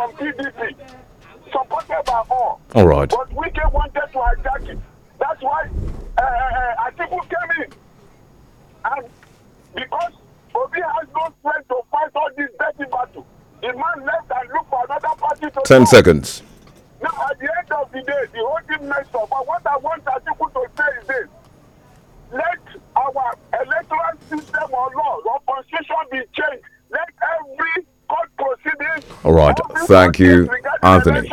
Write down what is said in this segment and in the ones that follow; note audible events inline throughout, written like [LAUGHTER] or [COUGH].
from PDP, supported by all. All right. But Wike wanted to attack it. That's why uh, uh, Atiku uh, came in. And because Obi has no strength to fight all this dirty battle, the man left and looked for another party to. Ten do. seconds. Now, at the end of the day, the whole thing messed up. But what I want Atiku to say is this let our electoral system or laws or constitution be changed. Let every all right. Thank you, Anthony.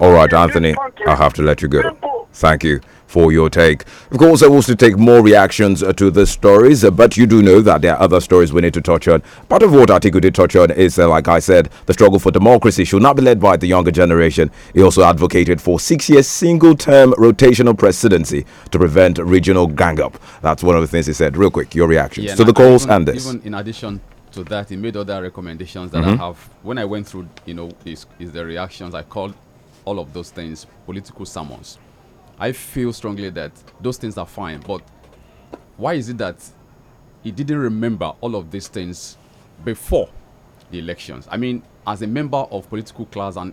All right, Anthony, I have to let you go. Thank you for your take. Of course, I want to take more reactions uh, to the stories, uh, but you do know that there are other stories we need to touch on. Part of what Atiku did touch on is, uh, like I said, the struggle for democracy should not be led by the younger generation. He also advocated for six year single term rotational presidency to prevent regional gang up. That's one of the things he said. Real quick, your reactions yeah, to the calls even, and this. Even in addition to that, he made other recommendations that mm -hmm. I have. When I went through, you know, is, is the reactions I called all of those things political summons. I feel strongly that those things are fine, but why is it that he didn't remember all of these things before the elections? I mean, as a member of political class and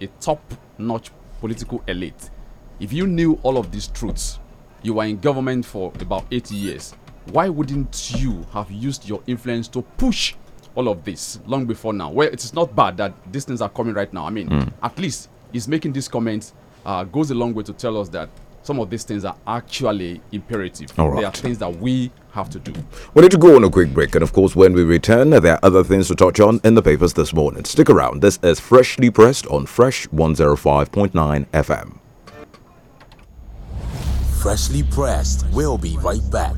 a top-notch political elite, if you knew all of these truths, you were in government for about eight years, why wouldn't you have used your influence to push all of this long before now? Well, it is not bad that these things are coming right now. I mean, mm. at least he's making these comments uh, goes a long way to tell us that some of these things are actually imperative. All right. They are things that we have to do. We need to go on a quick break, and of course, when we return, there are other things to touch on in the papers this morning. Stick around. This is Freshly Pressed on Fresh 105.9 FM. Freshly Pressed. We'll be right back.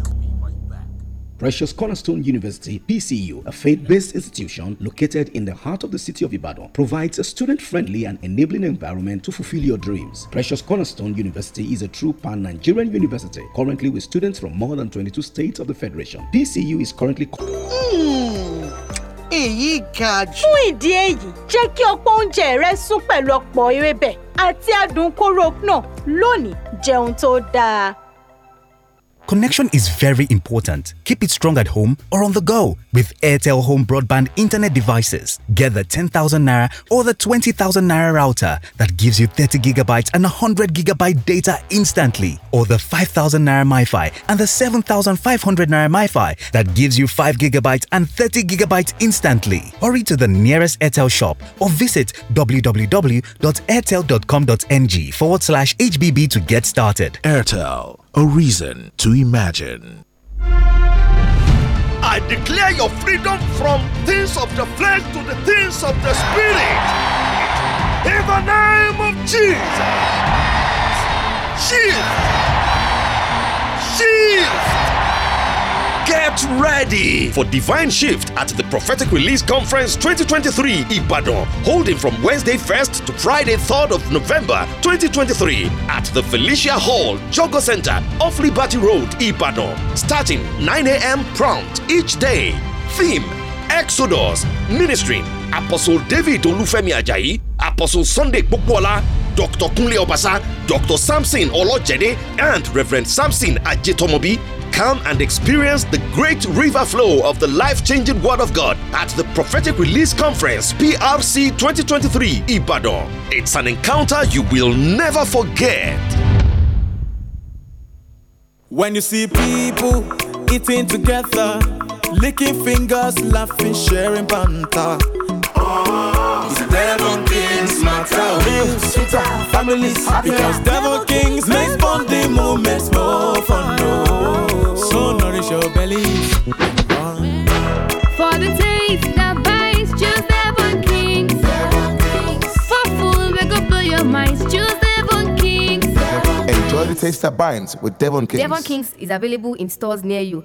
Precious Cornerstone University, PCU, a faith based institution located in the heart of the city of Ibadan, provides a student friendly and enabling environment to fulfill your dreams. Precious Cornerstone University is a true pan Nigerian university, currently with students from more than 22 states of the Federation. PCU is currently. Mm. èyí ga jù. fún ìdí èyí jẹ́ kí ọ̀pọ̀ oúnjẹ rẹ sún pẹ̀lú ọ̀pọ̀ ewébẹ̀ àti adùn kóró náà lónìí jẹun tó dáa Connection is very important. Keep it strong at home or on the go with Airtel Home Broadband Internet devices. Get the 10,000 Naira or the 20,000 Naira router that gives you 30 gigabytes and 100 gigabyte data instantly, or the 5,000 Naira MiFi and the 7,500 Naira MiFi that gives you 5 gigabytes and 30 gigabytes instantly. Hurry to the nearest Airtel shop or visit www.airtel.com.ng forward slash HBB to get started. Airtel a reason to imagine. I declare your freedom from things of the flesh to the things of the spirit. In the name of Jesus. Shift. Shift. Get ready for Divine Shift at the Prophetic Release Conference 2023 Ibadan, holding from Wednesday 1st to Friday 3rd of November 2023 at the Felicia Hall, Jogo Center, off Liberty Road, Ibadan, starting 9 a.m. prompt each day. Theme Exodus, Ministry, Apostle David Olufemi Ajayi, Apostle Sunday Bukwala. Dr. Kunle Obasa, Dr. Samson Olojede, and Reverend Samson Ajitomobi come and experience the great river flow of the life changing Word of God at the Prophetic Release Conference PRC 2023 Ibadan. It's an encounter you will never forget. When you see people eating together, licking fingers, laughing, sharing banter, oh, it's families Because devil kings make moments more fun no. So nourish your belly For the taste that bites, choose devil kings For food, make up blow your minds, choose kings Enjoy the taste that binds with Devon Kings. Devon Kings is available in stores near you.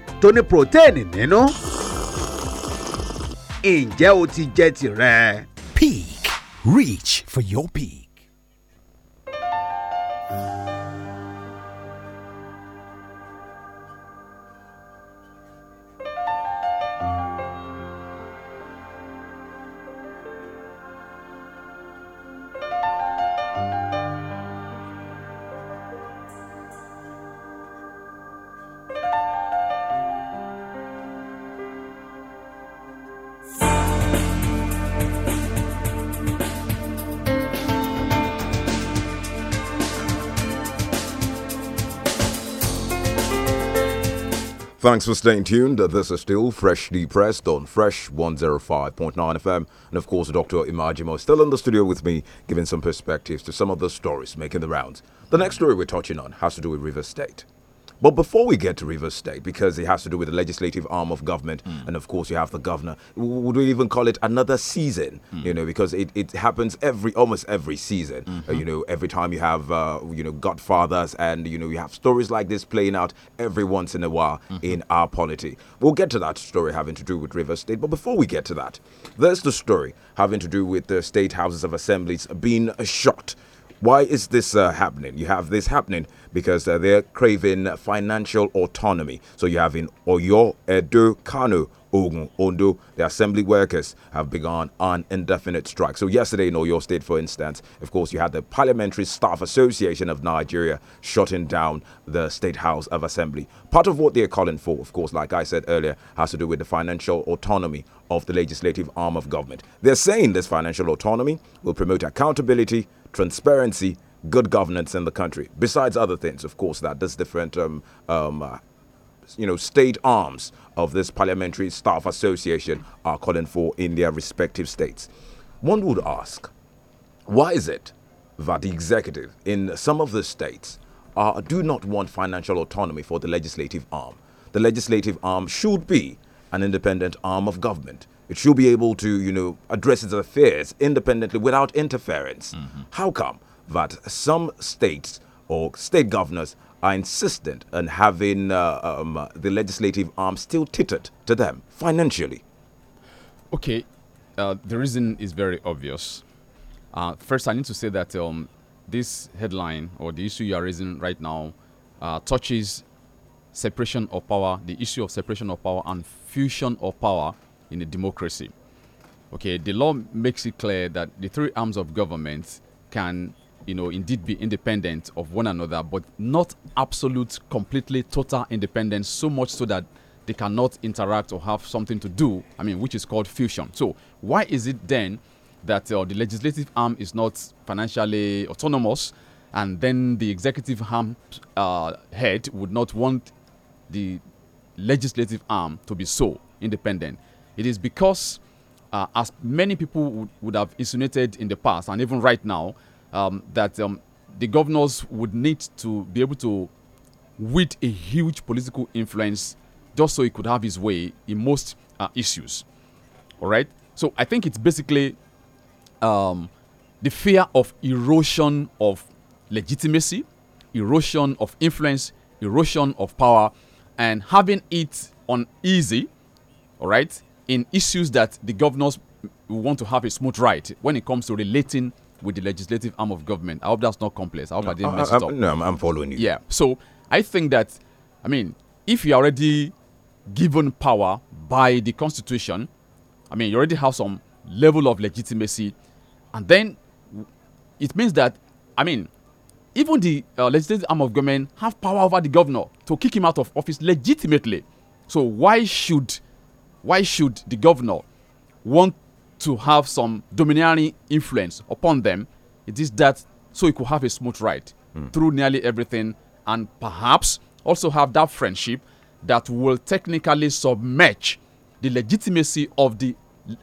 tó ní protein nínú. ǹjẹ́ o ti jẹ tirẹ̀? Peak reach for your peak. Thanks for staying tuned. This is still freshly pressed on Fresh 105.9 FM. And of course, Dr. Imajimo is still in the studio with me, giving some perspectives to some of the stories making the rounds. The next story we're touching on has to do with River State. But before we get to Rivers State, because it has to do with the legislative arm of government, mm. and of course you have the governor, would we even call it another season? Mm. You know, because it, it happens every almost every season. Mm -hmm. uh, mm-hmm. you know, every time you have uh, you know Godfathers, and you know you have stories like this playing out every once in a while -hmm. in our polity. We'll get to that story having to do with Rivers State, but before we get to that, there's the story having to do with the state houses of assemblies being shot. Why is this uh, happening? You have this happening because uh, they're craving financial autonomy. So you have in Oyo, Edo, Kano, Ogun, Ondo, the assembly workers have begun an indefinite strike. So yesterday in Oyo State, for instance, of course, you had the Parliamentary Staff Association of Nigeria shutting down the State House of Assembly. Part of what they're calling for, of course, like I said earlier, has to do with the financial autonomy of the legislative arm of government. They're saying this financial autonomy will promote accountability transparency, good governance in the country. Besides other things, of course, that this different, um, um, uh, you know, state arms of this parliamentary staff association are calling for in their respective states. One would ask, why is it that the executive in some of the states uh, do not want financial autonomy for the legislative arm? The legislative arm should be an independent arm of government it should be able to, you know, address its affairs independently without interference. Mm -hmm. How come that some states or state governors are insistent on having uh, um, the legislative arm still tethered to them financially? Okay, uh, the reason is very obvious. Uh, first, I need to say that um, this headline or the issue you are raising right now uh, touches separation of power, the issue of separation of power and fusion of power in a democracy. Okay, the law makes it clear that the three arms of government can, you know, indeed be independent of one another, but not absolute, completely, total independence, so much so that they cannot interact or have something to do. I mean, which is called fusion. So, why is it then that uh, the legislative arm is not financially autonomous, and then the executive arm uh, head would not want the legislative arm to be so independent? It is because, uh, as many people would, have insinuated in the past, and even right now, um, that um, the governors would need to be able to wield a huge political influence just so he could have his way in most uh, issues. All right? So I think it's basically um, the fear of erosion of legitimacy, erosion of influence, erosion of power, and having it uneasy, all right, in issues that the governors want to have a smooth ride when it comes to relating with the legislative arm of government. I hope that's not complex. I hope no, I didn't I, mess I, it up. No, I'm, I'm following you. Yeah. So I think that, I mean, if you're already given power by the constitution, I mean, you already have some level of legitimacy. And then it means that, I mean, even the uh, legislative arm of government have power over the governor to kick him out of office legitimately. So why should why should the governor want to have some domineering influence upon them? It is that so he could have a smooth ride mm. through nearly everything and perhaps also have that friendship that will technically submerge the legitimacy of the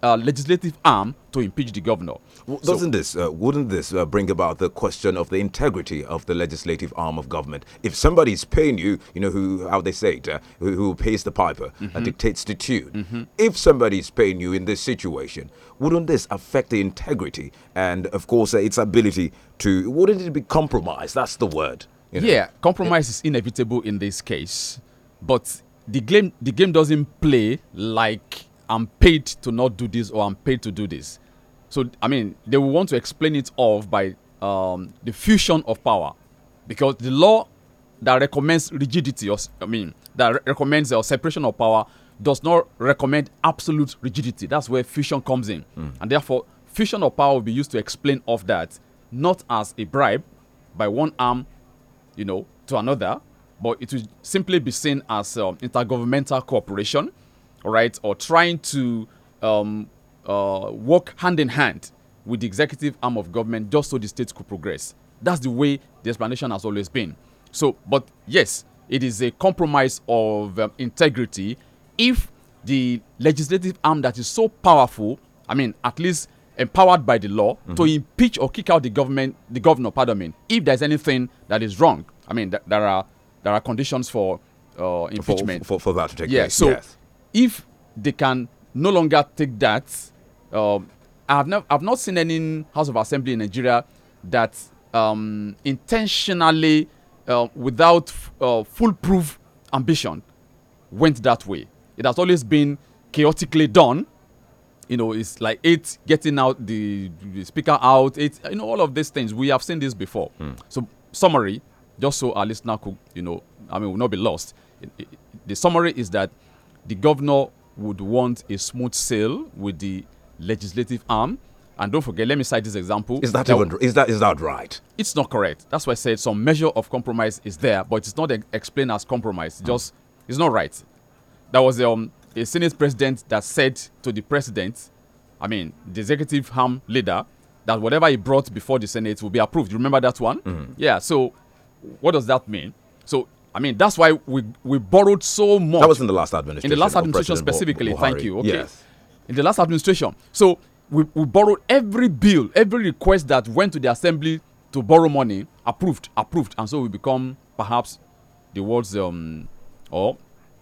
uh, legislative arm to impeach the governor. Well, doesn't so, this, uh, wouldn't this uh, bring about the question of the integrity of the legislative arm of government? If somebody's paying you, you know who, how they say it, uh, who, who, pays the piper mm -hmm. dictates the tune. Mm -hmm. If somebody's paying you in this situation, wouldn't this affect the integrity and, of course, uh, its ability to? Wouldn't it be compromised? That's the word. You know? Yeah, compromise it, is inevitable in this case, but the game the game doesn't play like I'm paid to not do this or I'm paid to do this. So, I mean, they will want to explain it off by um, the fusion of power because the law that recommends rigidity, or, I mean, that recommends the uh, separation of power does not recommend absolute rigidity. That's where fusion comes in. Mm. And therefore, fusion of power will be used to explain off that, not as a bribe by one arm, you know, to another, but it will simply be seen as um, intergovernmental cooperation right, or trying to um, uh, work hand in hand with the executive arm of government just so the state could progress. That's the way the explanation has always been. So, but yes, it is a compromise of um, integrity if the legislative arm that is so powerful, I mean, at least empowered by the law mm -hmm. to impeach or kick out the government, the governor, pardon me, if there's anything that is wrong. I mean, th there are there are conditions for uh, impeachment for, for, for, that to take yeah, place. So yes if they can no longer take that, um, I've, not I've not seen any House of Assembly in Nigeria that um, intentionally, uh, without uh, foolproof ambition, went that way. It has always been chaotically done. You know, it's like it getting out the, the speaker out. It's you know all of these things we have seen this before. Mm. So summary, just so our listener could you know, I mean, will not be lost. It, it, the summary is that the governor would want a smooth sale with the legislative arm. And don't forget, let me cite this example. Is that, that even is that is that right? It's not correct. That's why I said some measure of compromise is there, but it's not explained as compromise. Mm. Just it's not right. That was um, a Senate president that said to the president, I mean the executive arm leader, that whatever he brought before the Senate will be approved. You remember that one? Mm. Yeah. So what does that mean? So I mean, that's why we we borrowed so much. That was in the last administration. In the last administration specifically, Buhari. thank you. Okay. Yes. In the last administration. So we, we borrowed every bill, every request that went to the assembly to borrow money, approved, approved. And so we become perhaps the world's um, or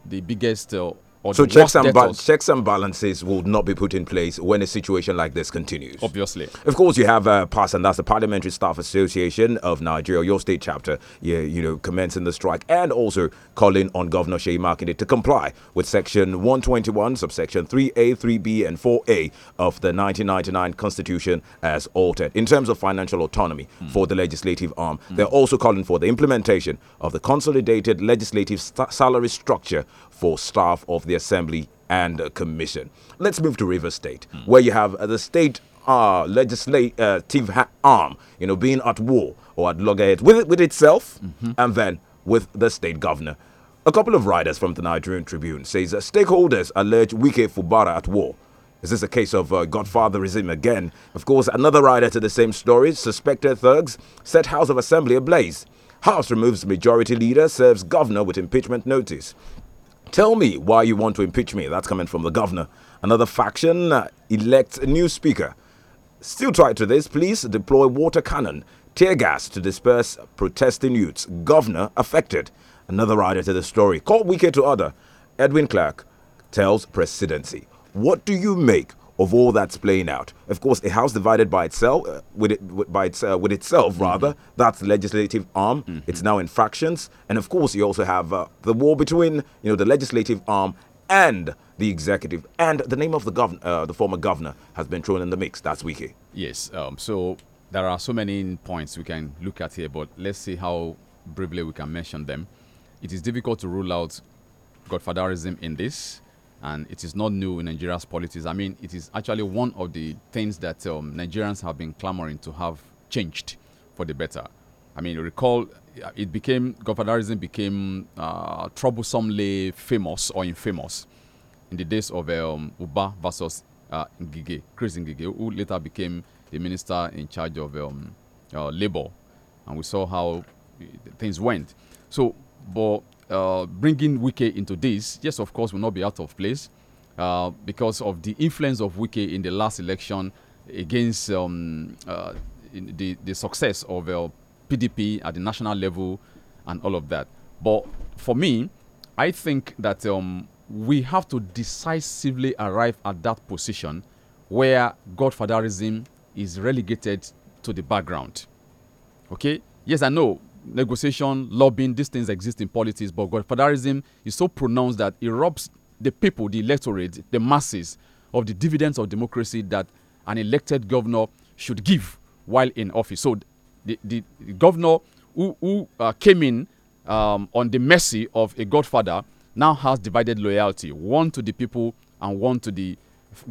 the biggest uh, or so checks and, ba- checks and balances will not be put in place when a situation like this continues. Obviously, of course, you have uh, PASS, and that's the Parliamentary Staff Association of Nigeria, your state chapter. Yeah, you know, commencing the strike and also calling on Governor Shea Makinde to comply with Section 121, subsection 3A, 3B, and 4A of the 1999 Constitution as altered in terms of financial autonomy mm. for the legislative arm. Mm. They're also calling for the implementation of the consolidated legislative st- salary structure for staff of the Assembly and Commission. Let's move to River State, mm. where you have uh, the state uh, legislative uh, arm, you know, being at war or at loggerheads with with itself, mm -hmm. and then with the state governor. A couple of writers from the Nigerian Tribune says uh, stakeholders allege Wike Fubara at war. Is this a case of uh, godfatherism again? Of course, another writer to the same story, suspected thugs, set House of Assembly ablaze. House removes majority leader, serves governor with impeachment notice. Tell me why you want to impeach me. That's coming from the governor. Another faction uh, elects a new speaker. Still try to this, please deploy water cannon, tear gas to disperse protesting youths. Governor affected. Another rider to the story. Call Wike to other. Edwin Clark tells presidency. What do you make of all that's playing out. Of course, a house divided by itself, uh, with, it, by its, uh, with itself mm-hmm. rather, that's legislative arm. Mm-hmm. It's now in fractions, and of course, you also have uh, the war between you know the legislative arm and the executive, and the name of the governor, uh, the former governor, has been thrown in the mix. That's Wiki. Yes. Um, so there are so many points we can look at here, but let's see how briefly we can mention them. It is difficult to rule out godfatherism in this and it is not new in Nigeria's politics. I mean, it is actually one of the things that um, Nigerians have been clamoring to have changed for the better. I mean, recall uh, it became governorism became uh, troublesomely famous or infamous in the days of um, Uba versus uh, Ngige, Chris Ngige, who later became the minister in charge of um, uh, labor, and we saw how uh, things went. So, but uh, bringing Wike into this, yes, of course, will not be out of place uh, because of the influence of Wike in the last election against um, uh, the, the success of PDP uh, at the national level and all of that. But for me, I think that um, we have to decisively arrive at that position where godfatherism is relegated to the background. Okay? Yes, I know negotiation, lobbying, these things exist in politics, but godfatherism is so pronounced that it robs the people, the electorate, the masses of the dividends of democracy that an elected governor should give while in office. So the, the, governor who, who uh, came in um, on the mercy of a godfather now has divided loyalty, one to the people and one to the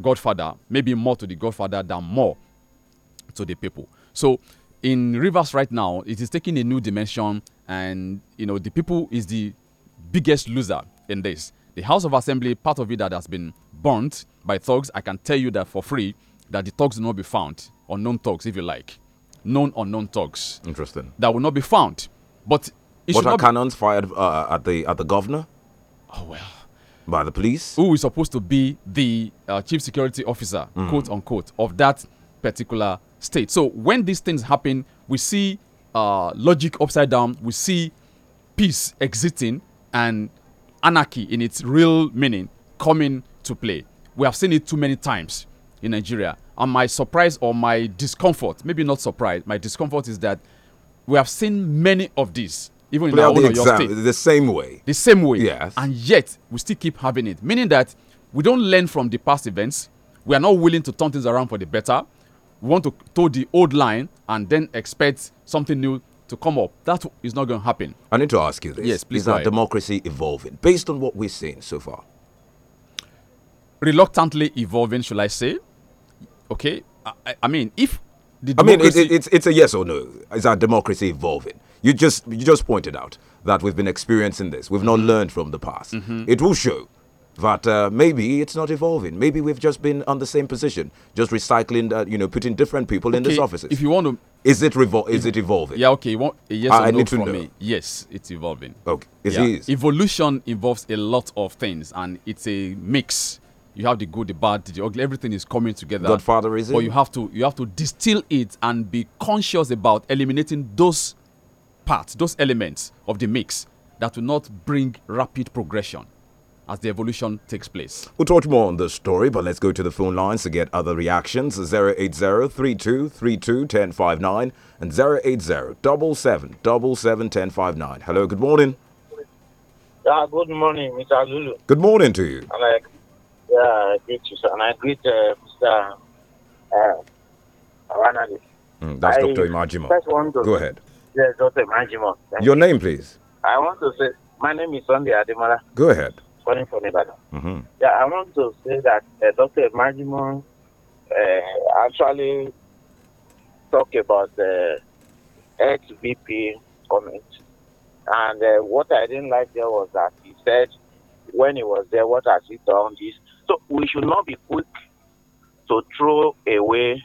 godfather, maybe more to the godfather than more to the people. So in Rivers right now, it is taking a new dimension, and you know the people is the biggest loser in this. The House of Assembly, part of it that has been burnt by thugs, I can tell you that for free that the thugs will not be found, unknown thugs, if you like, known unknown thugs. Interesting. That will not be found, but it what are cannons fired uh, at the at the governor? Oh well. By the police, who is supposed to be the uh, chief security officer, mm. quote unquote, of that particular state. So when these things happen, we see uh, logic upside down, we see peace existing and anarchy in its real meaning coming to play. We have seen it too many times in Nigeria. And my surprise or my discomfort, maybe not surprise, my discomfort is that we have seen many of these, even Play in our own exam, state. The same way. The same way. Yes. And yet, we still keep having it, meaning that we don't learn from the past events. We are not willing to turn things around for the better we want to toe the old line and then expect something new to come up. That is not going to happen. I need to ask you this. Yes, please. Is our democracy evolving based on what we're seeing so far? Reluctantly evolving, should I say? Okay. I, I mean, if the I mean, it, it, it's it's a yes or no. Is our democracy evolving? You just you just pointed out that we've been experiencing this. We've not learned from the past. Mm -hmm. It will show that uh, maybe it's not evolving. Maybe we've just been on the same position, just recycling, uh, you know, putting different people okay, in these offices. If you want to, is it revol- Is it evolving? Yeah, okay. Want, yes, I, no know. Me. Yes, it's evolving. Okay, yeah. Evolution involves a lot of things, and it's a mix. You have the good, the bad, the ugly. Everything is coming together. Godfather is it? But you have to you have to distill it and be conscious about eliminating those parts, those elements of the mix that will not bring rapid progression as the evolution takes place. We'll talk more on this story, but let's go to the phone lines to get other reactions. 080-3232-1059 and 080-777-1059. Hello, good morning. Yeah, good morning, Mr. Zulu. Good morning to you. And I, yeah, I greet you, sir. And I greet uh, Mr. Uh, mm, that's I Dr. Imajimo. To, go ahead. Yes, Dr. Imajimo. Your you. name, please. I want to say, my name is Sunday Adimara. Go ahead calling from Ibadan. Mm-hmm. Yeah, I want to say that uh, Dr. Majimon uh, actually talked about the XVP comment. And uh, what I didn't like there was that he said, when he was there, what has he done? This. So we should not be quick to throw away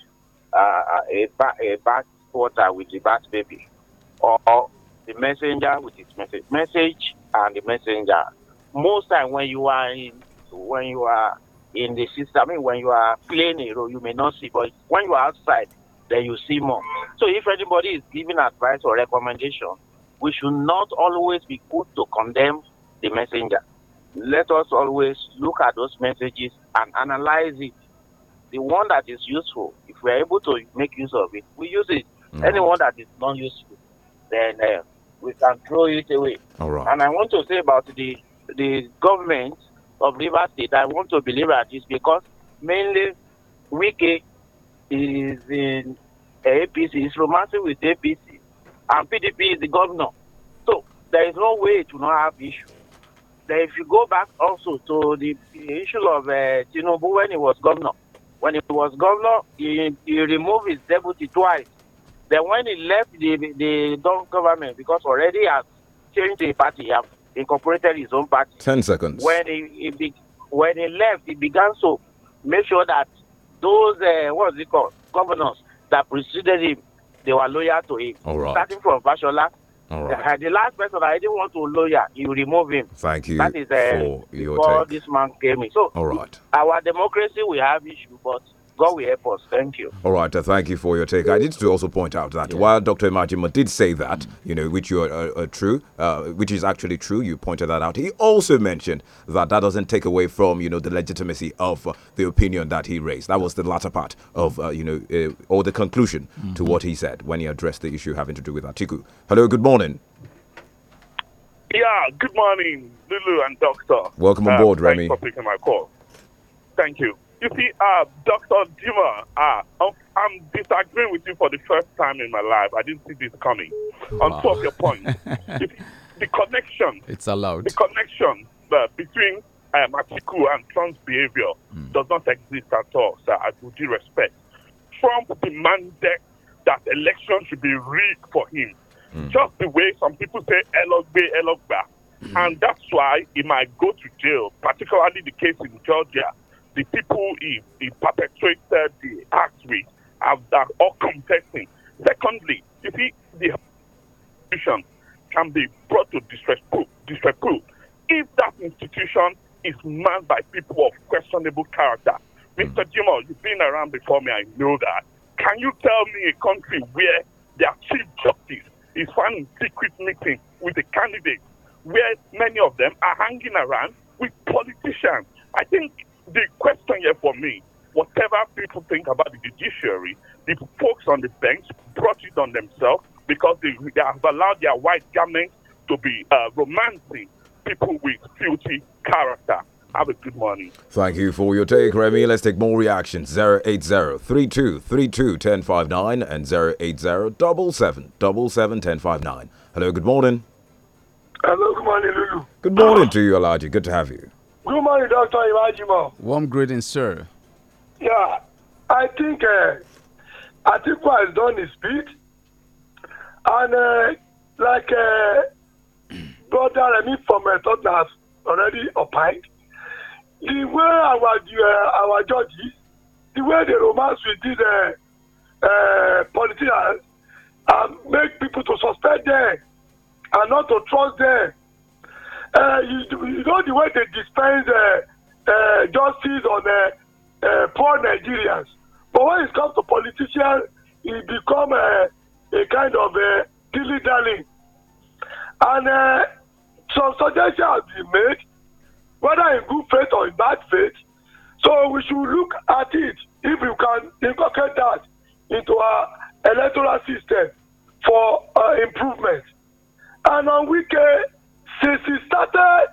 uh, uh a, ba- a with the bad baby or the messenger with his message, message and the messenger most time when you are in when you are in the system, I mean when you are playing a role, you may not see, but when you are outside, then you see more. So if anybody is giving advice or recommendation, we should not always be quick to condemn the messenger. Let us always look at those messages and analyze it. The one that is useful, if we are able to make use of it, we use it. Mm. Anyone that is non useful, then uh, we can throw it away. All right. And I want to say about the the government of Rivers State, I want to believe that is because mainly Wike is in APC, is romancing with APC, and PDP is the governor. So there is no way to not have issue. Then if you go back also to the issue of uh, Tinubu when he was governor, when he was governor, he, he removed his deputy twice. Then when he left the the government, because already he has changed the party, he has incorporated his own party. Ten seconds. When he, he when he left, he began to make sure that those uh, what is it called governors that preceded him, they were loyal to him. All right. Starting from Bashola. All right. The, the last person I didn't want to lawyer, you remove him. Thank you that is, uh, for your before take. this man came in. So, all right. our democracy, we have issue, but God will help us. Thank you. All right. Uh, thank you for your take. I need to also point out that yeah. while Dr. Imajima did say that, you know, which you are, are, uh, are uh, true, uh, which is actually true, you pointed that out. He also mentioned that that doesn't take away from, you know, the legitimacy of uh, the opinion that he raised. That was the latter part of, uh, you know, or the conclusion mm -hmm. to mm-hmm. what he said when he addressed the issue having to do with Atiku. Hello. Good morning. Yeah, good morning, Lulu and Doctor. Welcome on board, Remy. Thanks for picking my call. Thank you. You see, uh, Dr. Dima, uh, I'm, disagreeing with you for the first time in my life. I didn't see this coming. Wow. On top of your point, [LAUGHS] you see, the connection. It's allowed. The connection uh, between um, Atiku and Trump's behavior mm. does not exist at all, sir, I do respect. Trump demanded that elections should be rigged for him, mm. just the way some people say Elogbe, Elogba. Mm. And that's why he might go to jail, particularly the case in Georgia the people he, he perpetrated the act with are, are all contesting. Secondly, you see, the institution can be brought to disrepute, disrepute if that institution is manned by people of questionable character. Mr. Hmm. Jimo, you've been around before me, I know that. Can you tell me a country where their chief justice is finding secret meetings with the candidates, where many of them are hanging around with politicians? I think the question here for me, whatever people think about the judiciary, the folks on the bench brought it on themselves because they, they have allowed their white garments to be uh, romancing people with filthy character. Have a good morning. Thank you for your take, Remy. Let's take more reactions. 080-3232-1059 and 080-777-1059. Hello, good morning. Hello, good morning, Lulu. Good morning to you, Elijah. Good to have you. Good morning, Dr. Imajimo. Warm greeting, sir. Yeah, I think uh, Atiku has done his bit. And uh, like uh, Brother Remy from uh, Tottenham has already opined, the way our, uh, our judges, the way the romance with these uh, uh, politicians, um, make people to suspect them and not to trust them uh, you, you know the way they dispense uh, uh, justice on uh, uh, poor Nigerians. But when it comes to politicians, it become a, uh, a kind of a uh, dilly dallying. And uh, some suggestions have been made, whether in good faith or in bad faith. So we should look at it if you can incorporate that into our electoral system for uh, improvement. And on weekend, since he started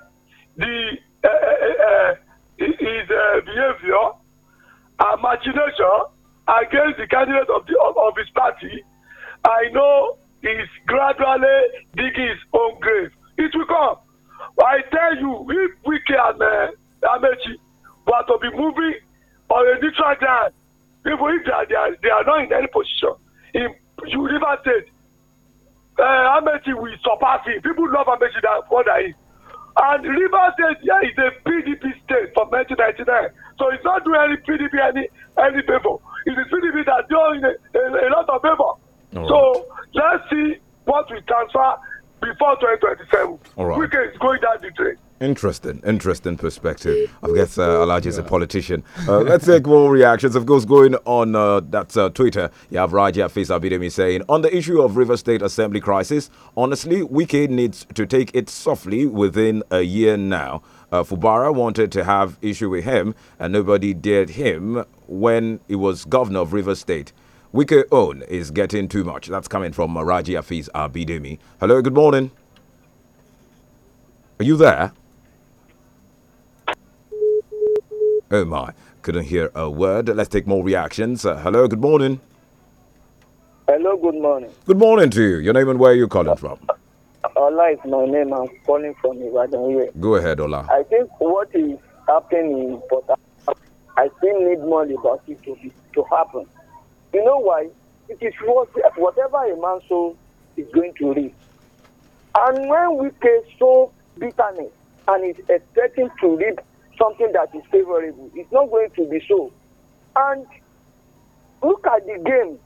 the uh, uh, his uh, behavior and machination against the candidate of, the, of, of his party, I know he is gradually digging his own grave. It will come. I tell you, if Wike and uh, Amechi were to be moving on a neutral ground, even if they are, they are, they are not in any position in Universal State, uh, eh, Amechi will surpass him. People love Amechi more than him. And Rivers State here a PDP state from 1999. So it's not doing any PDP any any favor. It is PDP that doing a, a, a lot of favor. Right. So let's see what we transfer before 2027. All right. Wike is going down the drain. Interesting, interesting perspective. I guess uh, Alaji is a politician. [LAUGHS] Uh, let's take more reactions. Of course, going on uh, uh, Twitter, you have Raja Fisa Abidemi saying, On the issue of River State Assembly crisis, honestly, Wiki needs to take it softly within a year now. Uh, Fubara wanted to have issue with him, and nobody dared him when he was governor of River State. Wiki own is getting too much. That's coming from uh, Raji Afiz Abidemi. Hello, good morning. Are you there? Oh my, couldn't hear a word. Let's take more reactions. Uh, hello, good morning. Hello, good morning. Good morning to you. Your name and where are you calling from? Ola is my name. I'm calling from Ibadan Go ahead, Ola. I think what is happening in Port I still need more liberty to be, to happen. You know why? It is what, whatever a man sows is going to reap. And when we can sow bitterness and is expecting to reap something that is favorable. It's not going to be so. And look at the game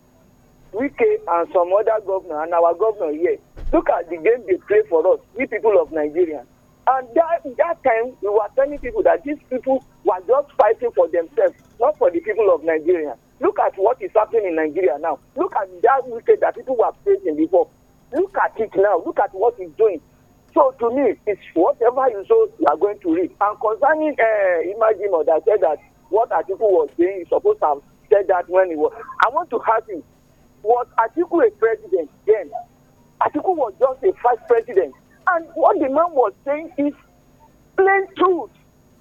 Wike and some other governor and our governor here. Look at the game they play for us, we people of Nigeria. And that, that time, we were telling people that these people were just fighting for themselves, not for the people of Nigeria. Look at what is happening in Nigeria now. Look at that wicked that people were facing before. Look at it now. Look at what he's doing. So to me, it's whatever you so you are going to read. And concerning uh, eh, Imajimo that said that what Atiku was saying, he's supposed to have said that when he was. I want to ask him, was Atiku a president then? Atiku was just a first president. And what the man was saying is plain truth,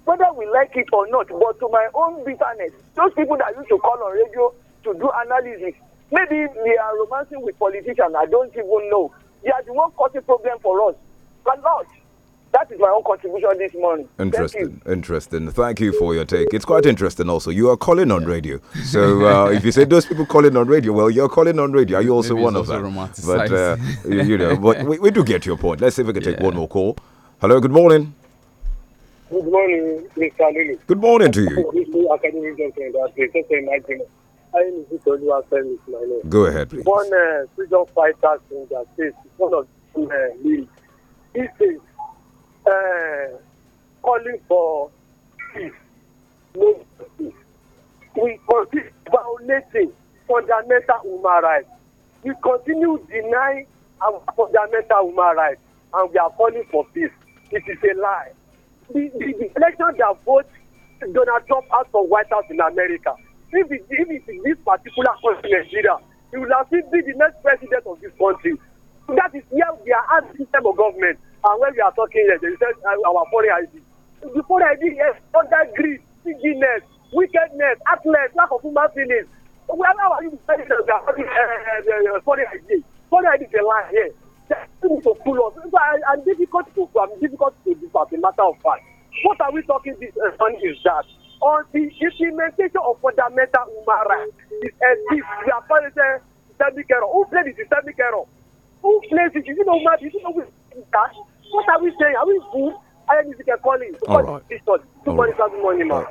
whether we like it or not. But to my own bitterness, those people that used to call on radio to do analysis, maybe they are romancing with politicians. I don't even know. They are the one causing problem for us. But not. That is my own contribution this morning. Interesting. Thank interesting. Thank you for your take. It's quite interesting also. You are calling on radio. So uh, if you say those people calling on radio, well, you're calling on radio. Are you also Maybe one of also them? But, uh, you, you, know, but we, we, do get your point. Let's see if we can yeah. take one more call. Hello, good morning. Good morning, Mr. Lulu. Good morning to you. Go ahead, please. One uh, freedom fighter in that one of uh, is a uh, calling for peace. No peace. We continue violating fundamental human rights. We continue denying our fundamental human rights and we are calling for peace. It is a lie. The, the, the election that vote Donald Trump out from White House in America. If it, if it is this particular country, Nigeria, he will have be the next president of this country. That is where we are at system of government and when we are talking here, they said uh, our foreign ID. The foreign ID is under greed, stinginess, wickedness, athletics, lack of human feelings. We how are you deciding that we are talking uh, uh, uh foreign ID? Foreign ID is a lie here. Things to pull us. So I, I'm difficult to I'm difficult to this as a matter of fact. What are we talking this uh, on is that on the implementation of fundamental human rights is a thief. we are trying to uh, systemic error. Who played the systemic error? Who plays it? Is it no match? Is it no that? What are we saying? Are we good? Ian Ezekiel calling.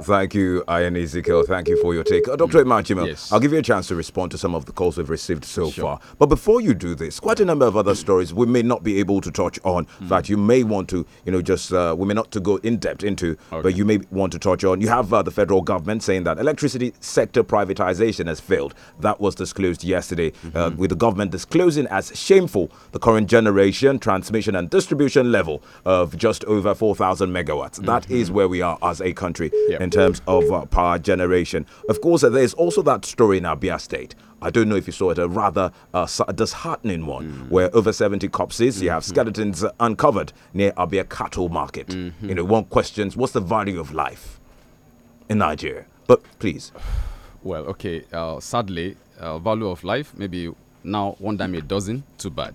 thank you, Ian Ezekiel. Thank you for your take. Uh, Dr. Emmanuel. yes. I'll give you a chance to respond to some of the calls we've received so sure. far. But before you do this, quite a number of other stories we may not be able to touch on mm. that you may want to, you know, just, uh, we may not to go in depth into, okay. but you may want to touch on. You have uh, the federal government saying that electricity sector privatization has failed. That was disclosed yesterday, mm -hmm. with the government disclosing as shameful the current generation, transmission, and distribution level of just over 4 4,000 megawatts. Mm-hmm. That is where we are as a country yep. in terms of uh, power generation. Of course, uh, there's also that story in Abia State. I don't know if you saw it, a rather uh, disheartening one mm. where over 70 corpses, mm-hmm. you have mm-hmm. skeletons uncovered near Abia cattle market. Mm-hmm. You know, one questions what's the value of life in Nigeria? But please. [SIGHS] Well, okay, uh, sadly, uh, value of life, maybe now one dime a dozen, too bad.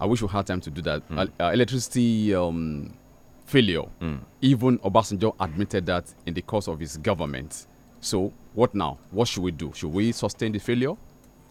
I wish we had time to do that. Mm. electricity. Um, failure. Mm. Even Obasanjo admitted that in the course of his government. So, what now? What should we do? Should we sustain the failure?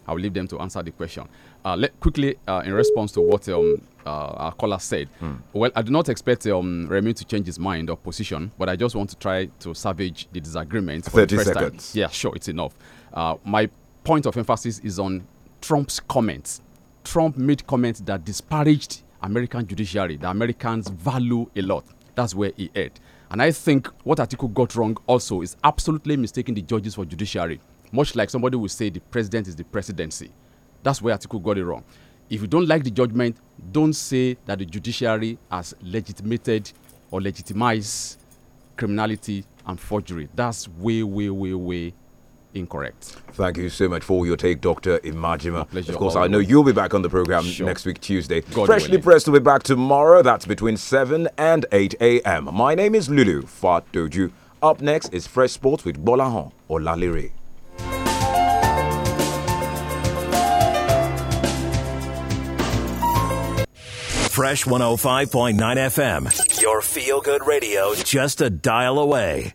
I will leave them to answer the question. Uh, let, quickly, uh, in response to what um, uh, our caller said, mm. well, I do not expect um, Remy to change his mind or position, but I just want to try to salvage the disagreement. 30 the seconds. Time. Yeah, sure, it's enough. Uh, my point of emphasis is on Trump's comments. Trump made comments that disparaged American judiciary the Americans value a lot. That's where he erred. And I think what article got wrong also is absolutely mistaking the judges for judiciary. Much like somebody will say the president is the presidency. That's where article got it wrong. If you don't like the judgment, don't say that the judiciary has legitimated or legitimized criminality and forgery. That's way, way, way, way incorrect. Thank you so much for your take, Dr. Imajima. of course, I know you'll be back on the program sure. next week, Tuesday. God Freshly willing. Pressed will be back tomorrow. That's between 7 and 8 a.m. My name is Lulu Fatoju. Up next is Fresh Sports with Bolahan Olalire. Fresh 105.9 FM, your feel good radio, just a dial away.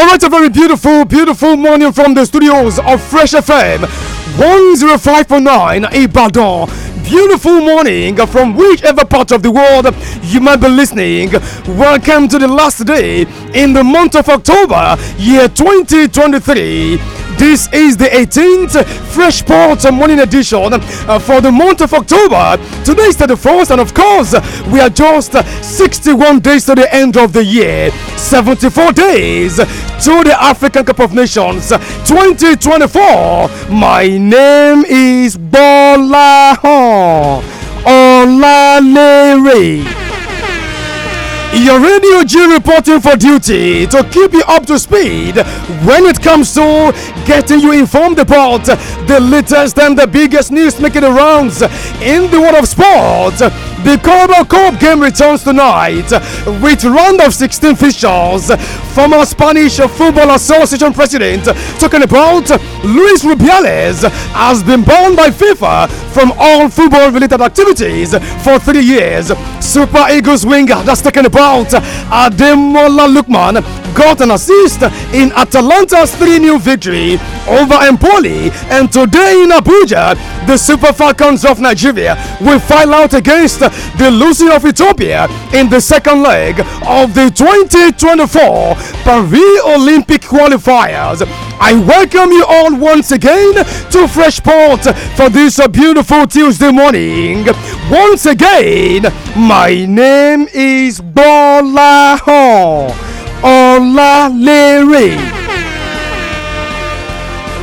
right, a very beautiful, beautiful morning from the studios of Fresh FM 105.9 Ibadan beautiful morning from whichever part of the world you might be listening. Welcome to the last day in the month of October, year 2023. This is the 18th Fresh Port Morning Edition uh, for the month of October. Today is the first, and of course, we are just 61 days to the end of the year, 74 days to the African Cup of Nations 2024. My name is Bola Hon Olalere. Your radio G reporting for duty to keep you up to speed when it comes to getting you informed about the latest and the biggest news making the rounds in the world of sports. The Carabao Cup game returns tonight with round of 16 fixtures. Former Spanish Football Association president talking about Luis Rubiales has been banned by FIFA from all football related activities for three years. Super Eagles winger that's talking about Ademola Lukman got an assist in Atalanta's 3 0 victory over Empoli. And today in Abuja, the Super Falcons of Nigeria will file out against the losing of Ethiopia in the second leg of the 2024 Paris Olympic qualifiers. I welcome you all once again to Fresh Port for this beautiful Tuesday morning. Once again, my name is Bola Ho Ola Leary.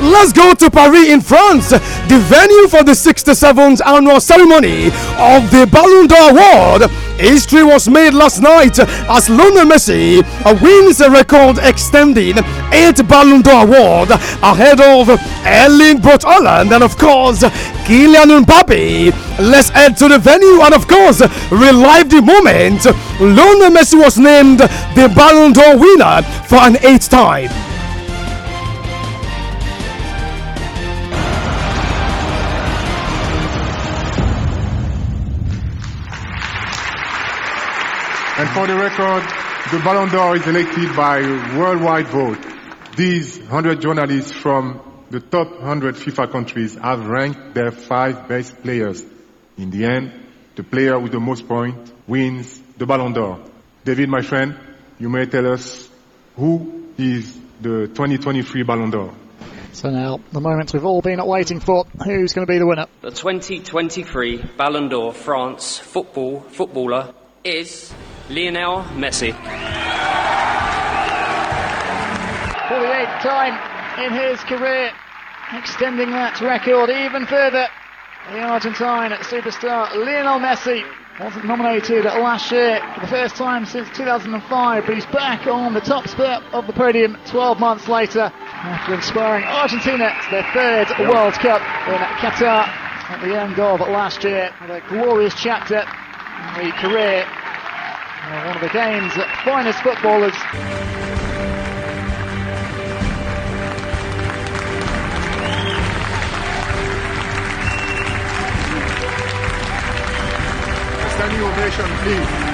Let's go to Paris in France, the venue for the 67th annual ceremony of the Ballon d'Or Award. History was made last night as Lionel Messi wins a record extending eight Ballon d'Or award ahead of Erling Brot and of course Kylian Mbappe. Let's head to the venue and of course relive the moment. Lionel Messi was named the Ballon d'Or winner for an eighth time. for the record, the Ballon d'Or is elected by worldwide vote. These 100 journalists from the top 100 FIFA countries have ranked their five best players. In the end, the player with the most points wins the Ballon d'Or. David, my friend, you may tell us who is the 2023 Ballon d'Or. So now, the moment we've all been waiting for, who's going to be the winner? The 2023 Ballon d'Or France football footballer is Lionel Messi. For the eighth time in his career, extending that record even further. The Argentine superstar Lionel Messi wasn't nominated last year for the first time since 2005, but he's back on the top spot of the podium 12 months later after inspiring Argentina to their third World Cup in Qatar at the end of last year. What a glorious chapter in the career one of the game's finest footballers. standing ovation, please.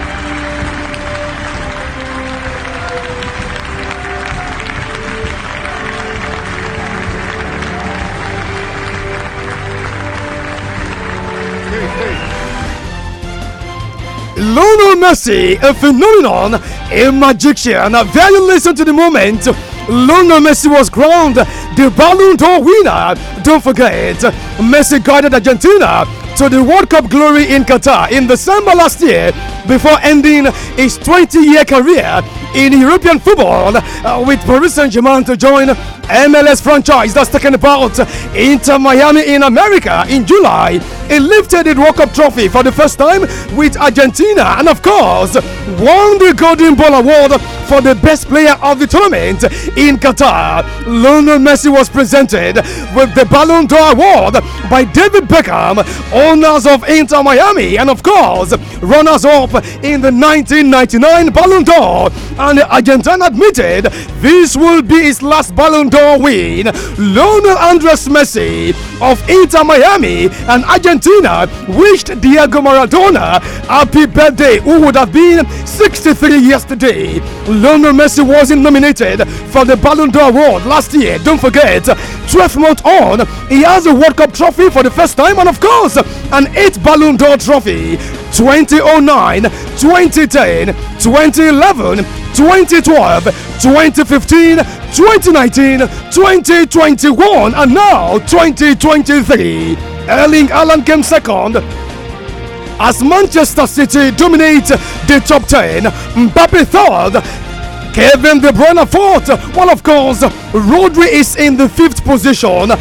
Lionel Messi, a phenomenon, a magician. Very listen to the moment. Lionel Messi was crowned the Ballon d'Or winner. Don't forget, Messi guided Argentina to the World Cup glory in Qatar in December last year before ending his 20 year career in European football uh, with Paris Saint Germain to join MLS franchise that's taken about Inter Miami in America in July. He lifted the World Cup trophy for the first time with Argentina and, of course, won the Golden Ball Award for the best player of the tournament in Qatar. Lionel Messi was presented with the Ballon d'Or Award by David Beckham, owners of Inter Miami, and, of course, runners up in the 1999 Ballon d'Or, and Argentina admitted this will be his last Ballon d'Or win. Lionel Andres Messi of Inter Miami and Argentina wished Diego Maradona happy birthday, who would have been 63 yesterday. Lionel Messi wasn't nominated for the Ballon d'Or award last year. Don't forget, 12 months on, he has a World Cup trophy for the first time, and of course, an 8 Ballon d'Or trophy. 2009, 2010, 2011, 2012, 2015, 2019, 2021, and now 2023. Erling Haaland came second as Manchester City dominate the top 10. Mbappe third, Kevin De Bruyne fourth. Well, of course, Rodri is in the fifth position.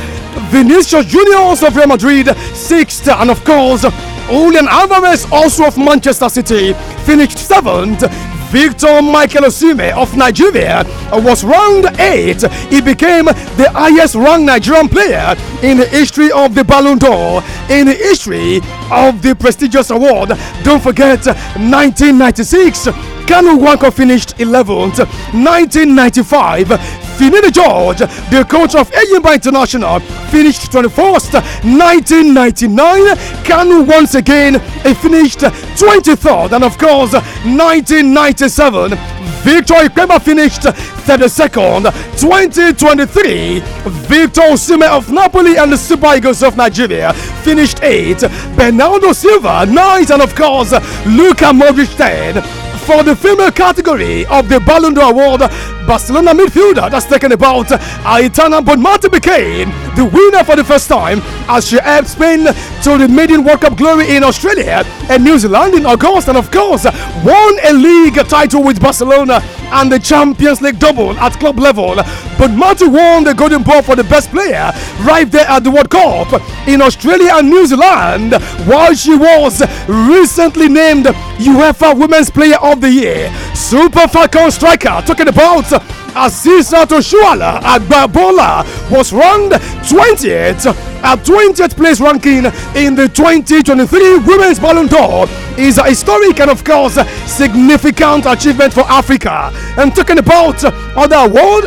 Vinicius Juniors of Real Madrid sixth, and of course. Julian Alvarez, also of Manchester City, finished seventh. Victor Michael Osime of Nigeria uh, was round 8. He became the highest ranked Nigerian player in the history of the Ballon d'Or, in the history of the prestigious award. Don't forget 1996. Kanu Wanko finished 11th. 1995, Finidi George, the coach of Eyimba International, finished 21st, 1999. Kanu once again finished 23rd, and of course, 1997. Victor Kema finished 32nd, 2023. Victor Osime of Napoli and the Super Eagles of Nigeria finished 8th. Bernardo Silva, 9th, and of course, Luca Modric for the female category of the Ballon d'Or award. Barcelona midfielder that's taken about Aitana Bonmati became the winner for the first time as she helped Spain to the maiden World Cup glory in Australia and New Zealand in August, and of course, won a league title with Barcelona and the Champions League double at club level. But Marty won the Golden Ball for the best player right there at the World Cup in Australia and New Zealand, while she was recently named UEFA Women's Player of the Year. Super Falcon striker talking about Aziza Toshuala Agbabola was ranked 20th at 20th place ranking in the 2023 Women's Ballon d'Or is a historic and of course significant achievement for Africa. And talking about other awards,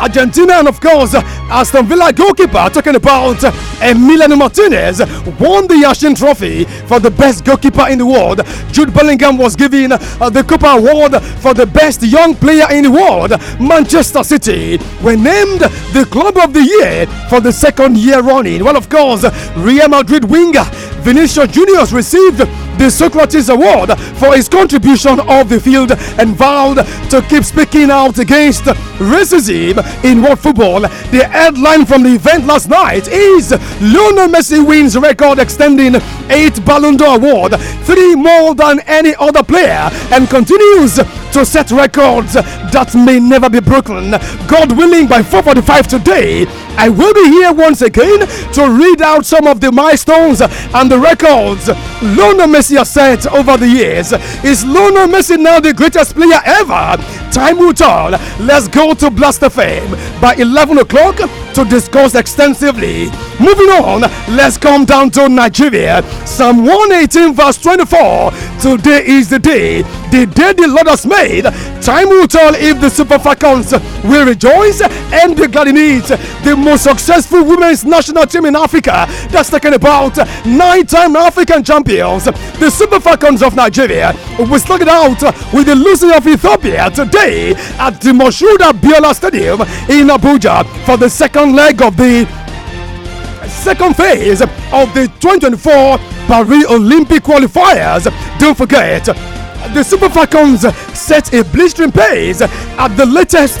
Argentina, and of course, Aston Villa goalkeeper, talking about Emiliano Martinez, won the Ashton Trophy for the best goalkeeper in the world. Jude Bellingham was given uh, the Cooper Award for the best young player in the world. Manchester City were named the club of the year for the second year running. Well, of course, Real Madrid winger Vinicius Juniors received the Socrates Award for his contribution of the field and vowed to keep speaking out against racism in world football. The headline from the event last night is Lionel Messi wins record extending eight Ballon d'Or award, three more than any other player, and continues to set records that may never be broken. God willing, by 4:45 today I will be here once again to read out some of the milestones and the records Lionel Messi has set over the years. Is Lionel Messi now the greatest player ever? Time will tell. Let's go to Blaster Fame by 11 o'clock to discuss extensively Moving on, let's come down to Nigeria. Psalm 118, verse 24. Today is the day, the day the Lord has made. Time will tell if the Super Falcons will rejoice and be glad in it. The most successful women's national team in Africa, that's talking about nine time African champions, the Super Falcons of Nigeria, will slug it out with the losing of Ethiopia today at the Moshuda Biola Stadium in Abuja for the second leg of the second phase of the 2024 Paris Olympic qualifiers. Don't forget, the Super Falcons set a blistering pace at the latest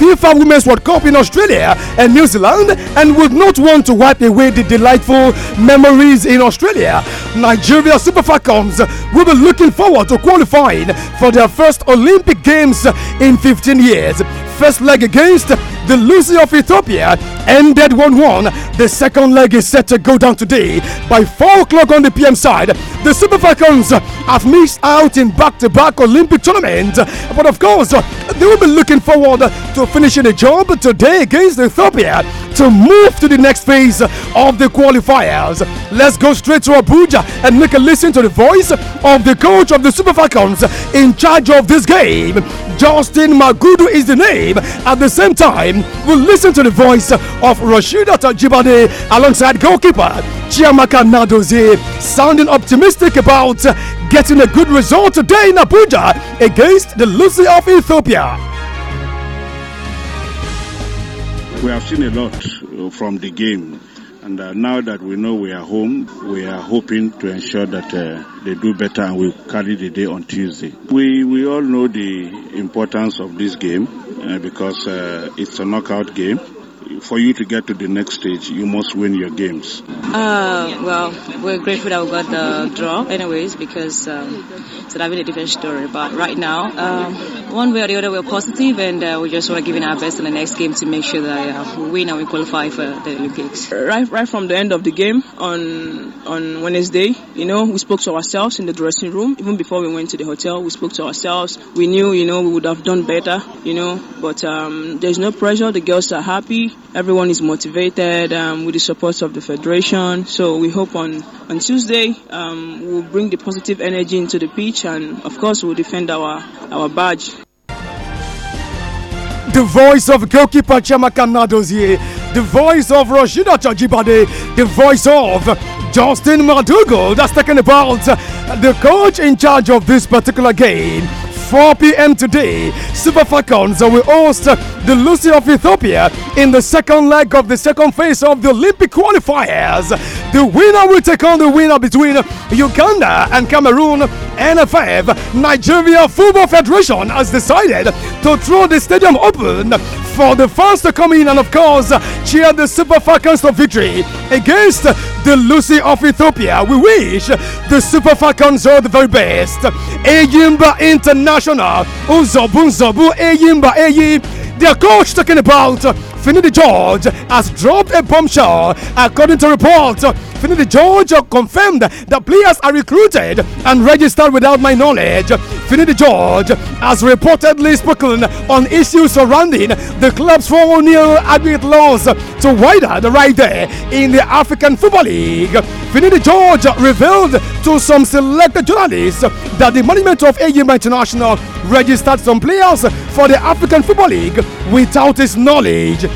FIFA Women's World Cup in Australia and New Zealand and would not want to wipe away the delightful memories in Australia. Nigeria Super Falcons will be looking forward to qualifying for their first Olympic Games in 15 years first leg against the Lucy of Ethiopia ended 1 1. The second leg is set to go down today by 4 o'clock on the PM side. The Super Falcons have missed out in back to back Olympic tournament, but of course, they will be looking forward to finishing the job today against Ethiopia to move to the next phase of the qualifiers. Let's go straight to Abuja and make a listen to the voice of the coach of the Super Falcons in charge of this game. Justin Magudu is the name at the same time, we'll listen to the voice of Rashida Tajibade alongside goalkeeper Chiamaka Nadozie, sounding optimistic about getting a good result today in Abuja against the Lucy of Ethiopia. We have seen a lot from the game and uh, now that we know we are home, we are hoping to ensure that uh, they do better and we carry the day on Tuesday. We, we all know the importance of this game uh, because uh, it's a knockout game for you to get to the next stage, you must win your games. Uh, well, we're grateful that we got the draw, anyways, because um, it's a really different story. But right now, um, one way or the other, we're positive, and uh, we just want to give in our best in the next game to make sure that uh, we win and we qualify for the Olympics. Right, right from the end of the game on on Wednesday, you know, we spoke to ourselves in the dressing room. Even before we went to the hotel, we spoke to ourselves. We knew, you know, we would have done better, you know, but um, there's no pressure. The girls are happy everyone is motivated um, with the support of the federation. So we hope on on Tuesday um, we'll bring the positive energy into the pitch, and of course we'll defend our our badge. The voice of goalkeeper Chamaka here. the voice of Rashida Chajibade, the voice of Justin Madugo. That's talking about the coach in charge of this particular game. 4 p.m. today, Super Falcons will host the Lucy of Ethiopia in the second leg of the second phase of the Olympic qualifiers. The winner will take on the winner between Uganda and Cameroon. NFF, Nigeria Football Federation, has decided to throw the stadium open for the fans to come in and, of course, cheer the Super Falcons to victory against the Lucy of Ethiopia. We wish the Super Falcons all the very best. Ayimba International. International. Unzobu, Unzobu, Eyimba, Eyi. The coach talking about Finidi George has dropped a bombshell. According to reports, Finidi George confirmed that players are recruited and registered without my knowledge. Finidi George has reportedly spoken on issues surrounding the club's 4 0 admit loss to Wydad right there in the African Football League. Finidi George revealed to some selected journalists that the management of AUM International registered some players for the African Football League without his knowledge.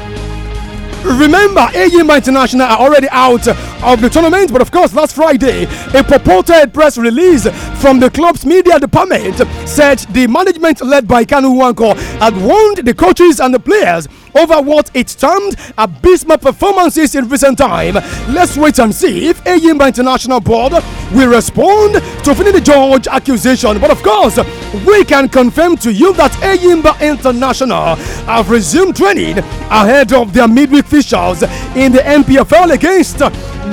Remember, AYMA International are already out of the tournament, but of course, last Friday, a purported press release from the club's media department said the management led by Kanu Wanko had warned the coaches and the players over what it termed abysmal performances in recent time. Let's wait and see if AIMBA International Board will respond to Finidi George accusation. But of course, we can confirm to you that AIMBA International have resumed training ahead of their midweek officials in the MPFL against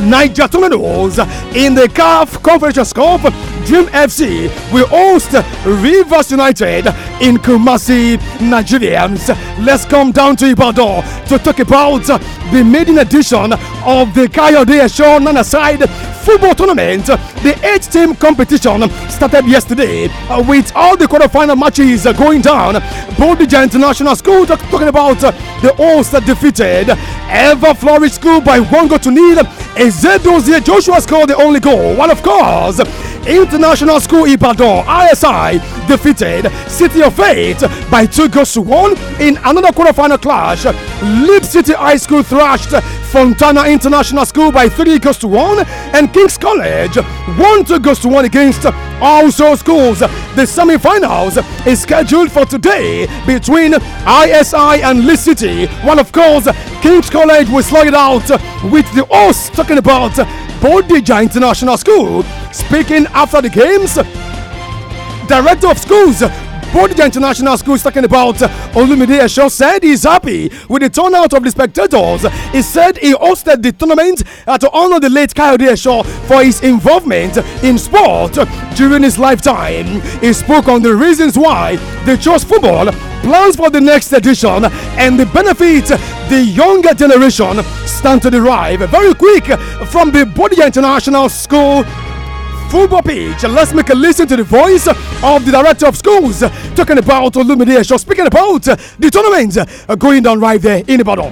Niger Tornadoes in the CAF Conference Cup. Dream FC will host Rivers United in Kumasi, Nigerians. Let's come down to Ibado to talk about the maiden edition of the Coyote Show, none aside football tournament. The eight team competition started yesterday uh, with all the quarterfinal matches uh, going down. Bodija International School, talking about uh, the all that defeated Ever Flourish School by one goal to nil. Ezedozie Joshua scored the only goal. Well, of course, International School Ibadan ISI defeated City of Fate by two goals to one in another quarterfinal clash. Leap City High School thrashed Fontana International School by three goals to one, and King's College won to go to one against also schools. The semi-finals is scheduled for today between ISI and Lee City. One of course, King's College will slug it out with the host talking about Bodija International School. Speaking after the games, Director of Schools Bodija International School is talking about uh, Olumide Esho said he's happy with the turnout of the spectators. He said he hosted the tournament to honor the late Kayode Esho for his involvement in sport during his lifetime. He spoke on the reasons why they chose football plans for the next edition and the benefits the younger generation stand to derive very quick from the Bodija International School football page. Let's make a listen to the voice of the director of schools talking about Olumide Speaking about the tournament going down right there in the bottle.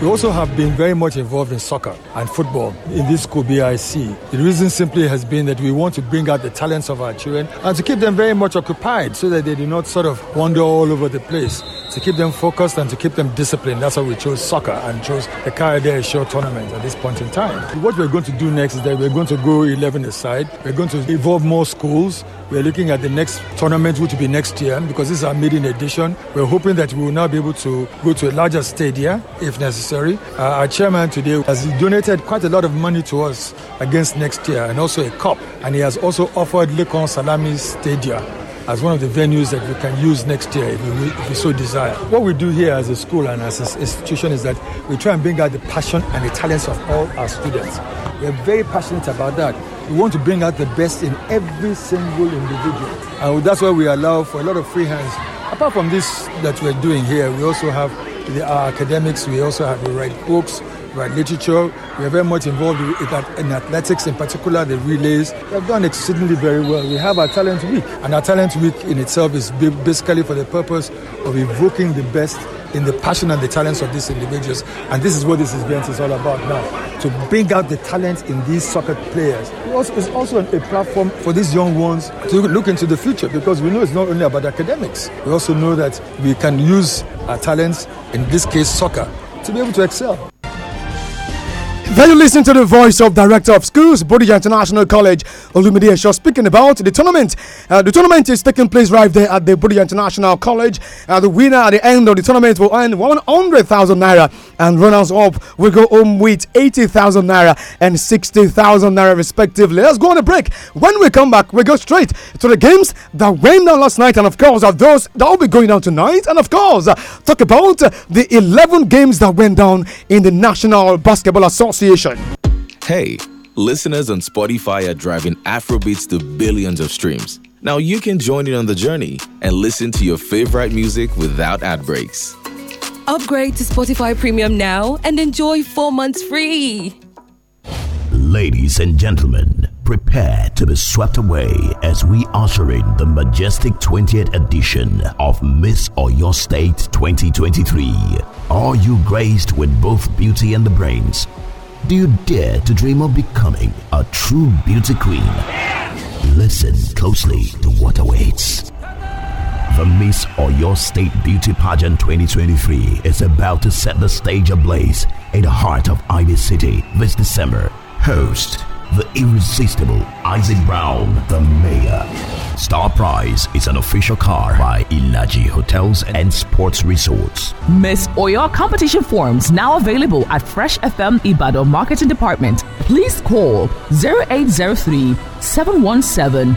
We also have been very much involved in soccer and football in this school BIC. The reason simply has been that we want to bring out the talents of our children and to keep them very much occupied so that they do not sort of wander all over the place. To keep them focused and to keep them disciplined. That's why we chose soccer and chose the Carade Show tournament at this point in time. What we're going to do next is that we're going to go 11 aside. We're going to involve more schools. We're looking at the next tournament, which will be next year, because this is our maiden edition. We're hoping that we will now be able to go to a larger stadium if necessary. Uh, our chairman today has donated quite a lot of money to us against next year and also a cup. And he has also offered Lekon Salami Stadium as one of the venues that we can use next year if we, if we, so desire. What we do here as a school and as an institution is that we try and bring out the passion and the talents of all our students. We are very passionate about that. We want to bring out the best in every single individual. And that's why we allow for a lot of free hands. Apart from this that we're doing here, we also have the, our academics, we also have the right books, write literature. We are very much involved in athletics, in particular the relays. We have done exceedingly very well. We have our talent week, and our talent week in itself is basically for the purpose of evoking the best in the passion and the talents of these individuals. And this is what this event is all about now to bring out the talent in these soccer players. It's also a platform for these young ones to look into the future because we know it's not only about academics. We also know that we can use our talents, in this case, soccer, to be able to excel. Then you listen to the voice of Director of Schools, Bodija International College, Olumide Esho, speaking about the tournament. Uh, the tournament is taking place right there at the Bodija International College. Uh, the winner at the end of the tournament will earn 100,000 naira, and runners up will go home with 80,000 naira and 60,000 naira, respectively. Let's go on a break. When we come back, we go straight to the games that went down last night, and of course, are those that will be going down tonight, and of course, uh, talk about the 11 games that went down in the National Basketball Association. Association. Hey, listeners on Spotify are driving Afrobeats to billions of streams. Now you can join in on the journey and listen to your favorite music without ad breaks. Upgrade to Spotify Premium now and enjoy four months free. Ladies and gentlemen, prepare to be swept away as we usher in the majestic 20th edition of Miss or Your State 2023. Are you graced with both beauty and the brains? Do you dare to dream of becoming a true beauty queen? Listen closely to what awaits. The Miss or Your State Beauty Pageant 2023 is about to set the stage ablaze in the heart of Ivy City this December. Host the irresistible Isaac Brown, the mayor. Star Prize is an official car by Ilaji Hotels and Sports Resorts. Miss Oyo competition forms now available at Fresh FM Ibado Marketing Department. Please call 0803 717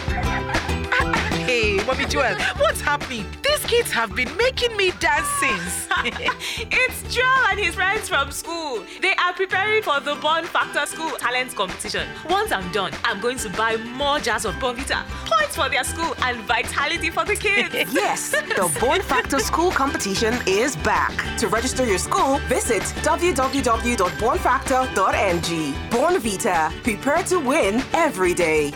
Mommy Joel, what's happening? These kids have been making me dance since. [LAUGHS] it's Joel and his friends from school. They are preparing for the Born Factor School Talent Competition. Once I'm done, I'm going to buy more jars of Bonvita, points for their school, and vitality for the kids. [LAUGHS] yes, the Born Factor School Competition is back. To register your school, visit www.bornfactor.ng. Born Vita, prepare to win every day.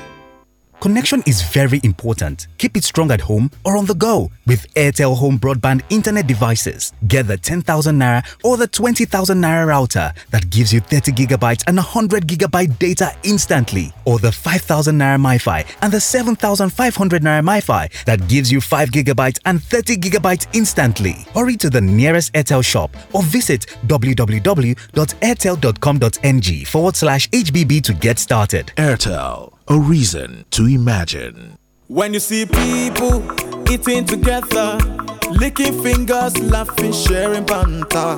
Connection is very important. Keep it strong at home or on the go with Airtel Home Broadband Internet devices. Get the 10,000 Naira or the 20,000 Naira router that gives you 30 gigabytes and 100 gigabyte data instantly, or the 5,000 Naira MiFi and the 7,500 Naira MiFi that gives you 5 gigabytes and 30 gigabytes instantly. Hurry to the nearest Airtel shop or visit www.airtel.com.ng forward slash HBB to get started. Airtel a reason to imagine. When you see people eating together, licking fingers, laughing, sharing banter.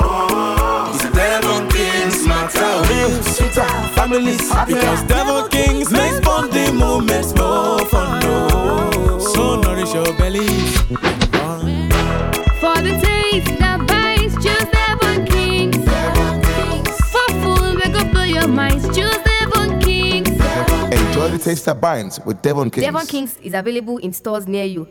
Oh, it's Devon Kings matter. Real families happy because Devon Kings makes bonding moments more fun. Oh, so nourish your belly. For the taste that bites, choose Devon Kings. Devon Kings. For food, make up blow your minds, choose. Taster Binds with Devon Kings. Devon Kings is available in stores near you.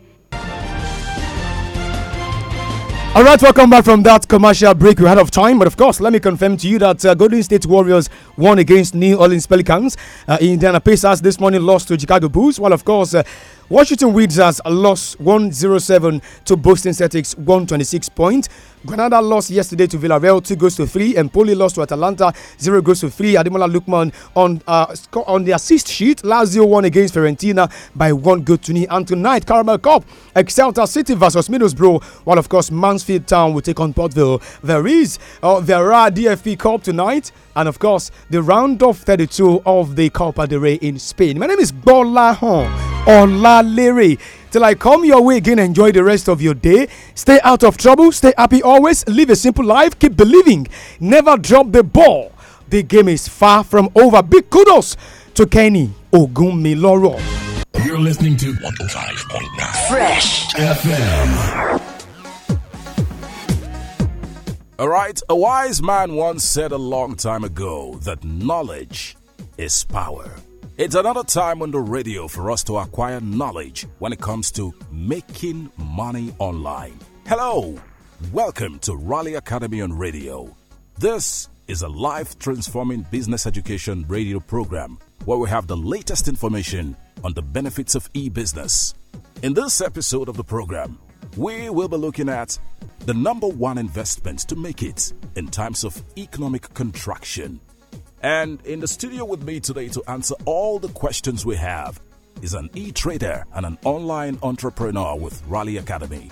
All right, welcome back from that commercial break. We're out of time, but of course, let me confirm to you that uh, Golden State Warriors won against New Orleans Pelicans. Uh, Indiana Pacers this morning lost to Chicago Bulls, while of course. Uh, Washington Wizards lost 107 to Boston Celtics 126 points. Granada lost yesterday to Villarreal 2 goals to 3 and Poli lost to Atalanta 0 goals to 3. Ademola Lukman on uh, on the assist sheet. Lazio won against Fiorentina by 1 goal to 0. And tonight, Caramel Cup, Excelta City versus Middlesbrough. While of course, Mansfield Town will take on Portville. There is, uh, there are DFP Cup tonight and of course, the round of 32 of the Copa del Rey in Spain. My name is Bola Hon. Olalere. Till I come your way again, enjoy the rest of your day. Stay out of trouble, stay happy always, live a simple life, keep believing, never drop the ball. The game is far from over. Big kudos to Kenny Ogumiloro. You're listening to 105.9 Fresh FM. All right, a wise man once said a long time ago that knowledge is power. It's another time on the radio for us to acquire knowledge when it comes to making money online. Hello, welcome to Raleigh Academy on Radio. This is a life transforming business education radio program where we have the latest information on the benefits of e business. In this episode of the program, we will be looking at the number one investment to make it in times of economic contraction and in the studio with me today to answer all the questions we have is an e trader and an online entrepreneur with Raleigh Academy.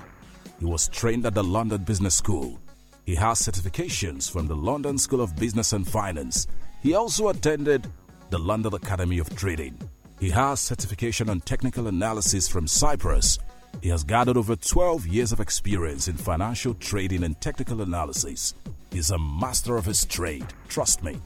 He was trained at the London Business School. He has certifications from the London School of Business and Finance. He also attended the London Academy of Trading. He has certification on technical analysis from Cyprus. He has gathered over 12 years of experience in financial trading and technical analysis. He's a master of his trade, trust me.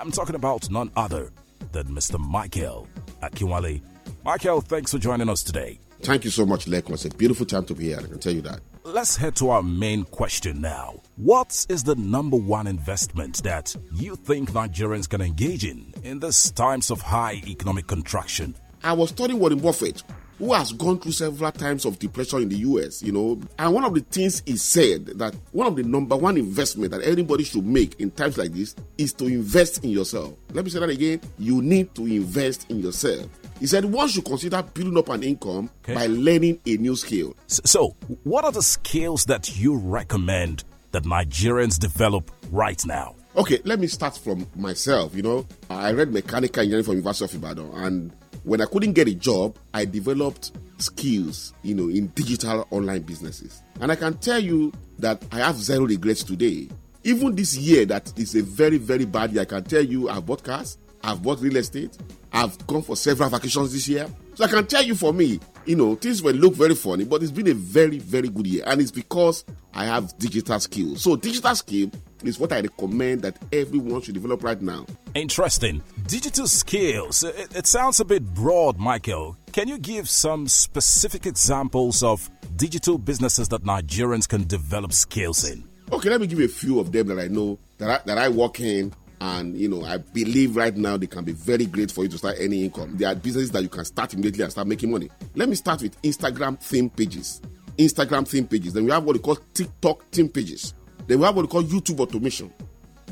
I'm talking about none other than Mr. Michael Akinwale. Michael, thanks for joining us today. Thank you so much, Lekon. It's a beautiful time to be here, I can tell you that. Let's head to our main question now. What is the number one investment that you think Nigerians can engage in in these times of high economic contraction? I was studying Warren Buffett who has gone through several times of depression in the US, you know. And one of the things he said that one of the number one investment that everybody should make in times like this is to invest in yourself. Let me say that again. You need to invest in yourself. He said one should consider building up an income okay. by learning a new skill. So, what are the skills that you recommend that Nigerians develop right now? Okay, let me start from myself. You know, I read mechanical engineering from University of Ibadan, and when I couldn't get a job, I developed skills, you know, in digital online businesses. And I can tell you that I have zero regrets today. Even this year that is a very, very bad year, I can tell you I've bought cars, I've bought real estate, I've gone for several vacations this year. So I can tell you for me, you know, things will look very funny, but it's been a very, very good year. And it's because I have digital skills. So digital skills is what I recommend that everyone should develop right now. Interesting. Digital skills. It, it sounds a bit broad, Michael. Can you give some specific examples of digital businesses that Nigerians can develop skills in? Okay, let me give you a few of them that I know that I, that I work in and you know i believe right now they can be very great for you to start any income there are businesses that you can start immediately and start making money let me start with instagram theme pages instagram theme pages then we have what we call tiktok theme pages then we have what we call YouTube automation.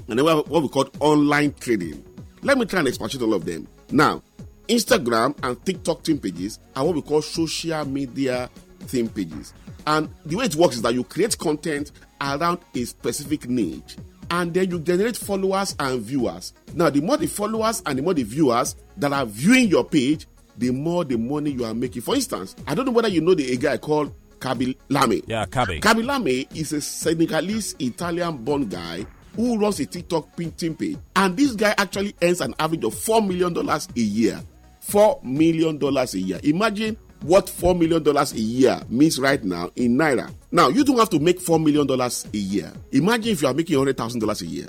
And then we have what we call online trading. Let me try and expatiate all of them. Now, Instagram and TikTok team pages are what we call social media theme pages. And the way it works is that you create content around a specific niche and then you generate followers and viewers. Now, the more the followers and the more the viewers that are viewing your page, the more the money you are making. For instance, I don't know whether you know the a guy called Kabilame. Yeah, Kabi. Kabilame is a Senegalese Italian born guy who runs a TikTok painting page. And this guy actually earns an average of $4 million a year. $4 million a year. Imagine what $4 million a year means right now in Naira. Now, you don't have to make $4 million a year. Imagine if you are making $100,000 a year.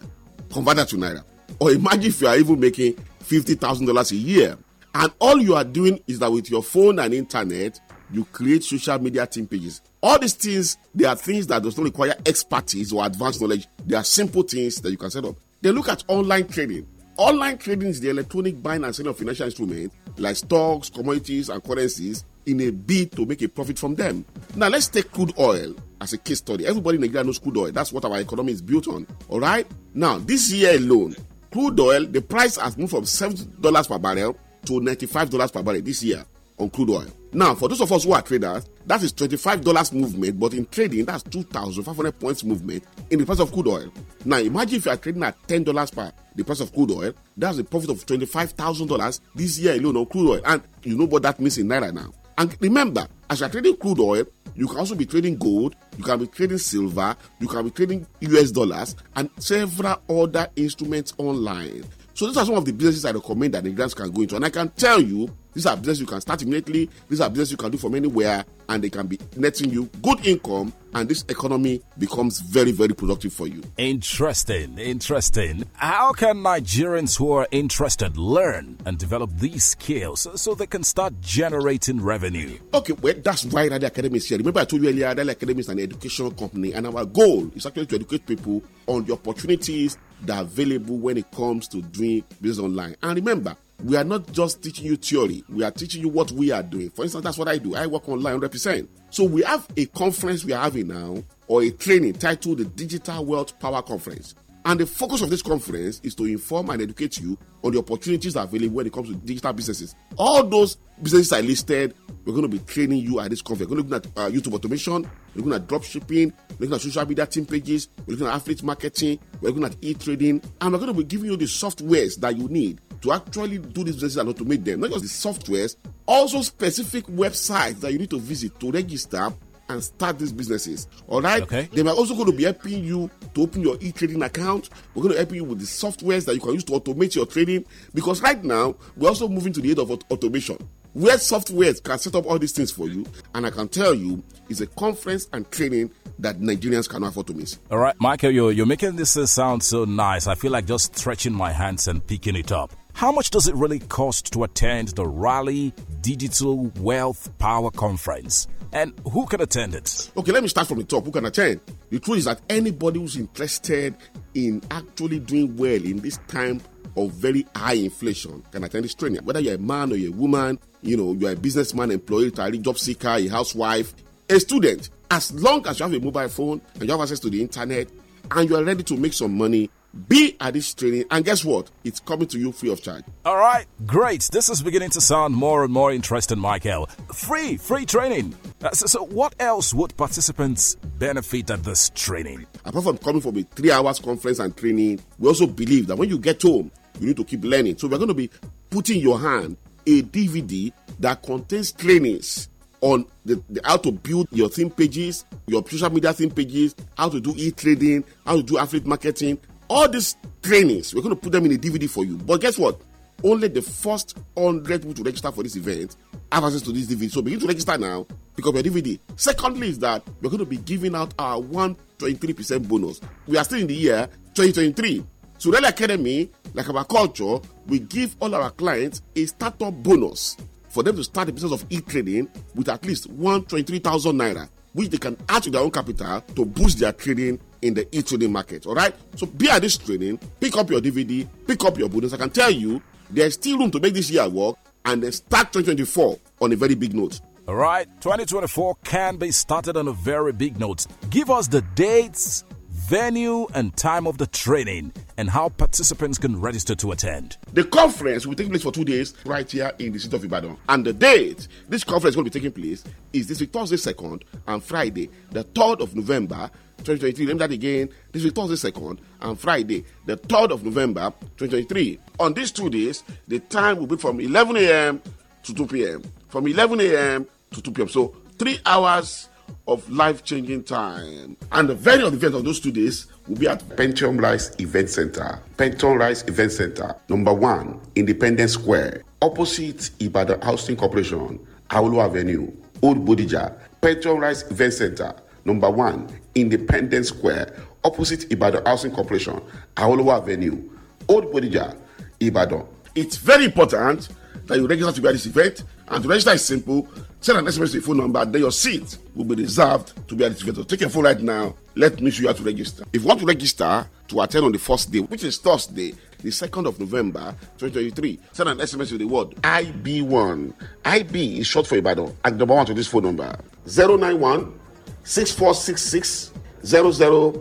Convert that to Naira. Or imagine if you are even making $50,000 a year. And all you are doing is that with your phone and internet, you create social media team pages. All these things, they are things that does not require expertise or advanced knowledge. They are simple things that you can set up. They look at online trading. Online trading is the electronic buying and selling of financial instruments like stocks, commodities, and currencies in a bid to make a profit from them. Now, let's take crude oil as a case study. Everybody in Nigeria knows crude oil. That's what our economy is built on. All right? Now, this year alone, crude oil, the price has moved from $7 per barrel to $95 per barrel this year on crude oil. Now, for those of us who are traders, that is $25 movement, but in trading, that's 2,500 points movement in the price of crude oil. Now, imagine if you are trading at $10 per the price of crude oil, that's a profit of $25,000 this year alone on crude oil. And you know what that means in Naira now. And remember, as you are trading crude oil, you can also be trading gold, you can be trading silver, you can be trading US dollars, and several other instruments online. So these are some of the businesses I recommend that immigrants can go into. And I can tell you, these are businesses you can start immediately, these are businesses you can do from anywhere, and they can be netting you good income, and this economy becomes very, very productive for you. Interesting, interesting. How can Nigerians who are interested learn and develop these skills so they can start generating revenue? Okay, well, that's why the Academy is here. Remember, I told you earlier, the Academy is an educational company, and our goal is actually to educate people on the opportunities that are available when it comes to doing business online. And remember, we are not just teaching you theory, we are teaching you what we are doing. For instance, that's what I do. I work online 100%. So we have a conference we are having now, or a training titled the Digital World Power Conference. And the focus of this conference is to inform and educate you on the opportunities available when it comes to digital businesses. All those businesses I listed, we're going to be training you at this conference. We're going to looking at uh, YouTube automation, we're looking at drop shipping, we're looking at social media team pages, we're looking at affiliate marketing, we're looking at e-trading, and we're going to be giving you the softwares that you need to actually do these businesses and automate them. Not just the softwares, also specific websites that you need to visit to register and start these businesses. All right. Okay. They are also going to be helping you to open your e-trading account. We're going to help you with the softwares that you can use to automate your trading. Because right now we're also moving to the age of automation, where softwares can set up all these things for you. And I can tell you, it's a conference and training that Nigerians cannot afford to miss. All right, Michael, you're, you're making this uh, sound so nice. I feel like just stretching my hands and picking it up. How much does it really cost to attend the Raleigh Digital Wealth Power Conference? and who can attend it? Okay, let me start from the top. Who can attend? The truth is that anybody who's interested in actually doing well in this time of very high inflation can attend this training. Whether you're a man or you're a woman, you know, you're a businessman, employee, retiree, job seeker, a housewife, a student, as long as you have a mobile phone and you have access to the internet and you are ready to make some money, be at this training, and guess what? It's coming to you free of charge. All right, great. This is beginning to sound more and more interesting, Michael. Free, free training. Uh, so, so, what else would participants benefit at this training? Apart from coming from a three hours conference and training, we also believe that when you get home, you need to keep learning. So, we're going to be putting your hand a DVD that contains trainings on the, the, how to build your theme pages, your social media theme pages, how to do e-trading, how to do affiliate marketing, all these trainings, we're going to put them in a DVD for you. But guess what? Only the first 100 people to register for this event have access to this DVD. So begin to register now, because up your DVD. Secondly, is that we're going to be giving out our 123% bonus. We are still in the year 2023. So, Rally Academy, like our culture, we give all our clients a startup bonus for them to start the business of e trading with at least 123,000 naira which they can add to their own capital to boost their trading in the e-trading market. All right. So be at this trading, pick up your DVD, pick up your bonus. I can tell you there's still room to make this year work and then start 2024 on a very big note. All right, 2024 can be started on a very big note. Give us the dates venue and time of the training, and how participants can register to attend. The conference will take place for two days right here in the city of Ibadan. And the date this conference will be taking place is this week, Thursday 2nd and Friday, the 3rd of November 2023. Remember that again, this week, Thursday 2nd and Friday, the 3rd of November 2023. On these two days, the time will be from 11 a.m. to 2 p.m. From 11 a.m. to 2 p.m. So three hours of life changing time. And the venue of the event of those two days will be at Pentium Rise Event Center. Pentium Rise Event Center, number one, Independence Square, opposite Ibadan Housing Corporation, Aulu Avenue, Old Bodija. Pentium Rise Event Center, number one, Independence Square, opposite Ibadan Housing Corporation, Aulu Avenue, Old Bodija, Ibadan. It's very important that you register to be at this event And to register is simple. Send an SMS to your phone number, then your seat will be reserved to be activated. Take your phone right now. Let me show you how to register. If you want to register to attend on the first day, which is Thursday, the second of November 2023, send an SMS with the word IB1. IB is short for Ibadan. And number one to this phone number 091 6466 0000.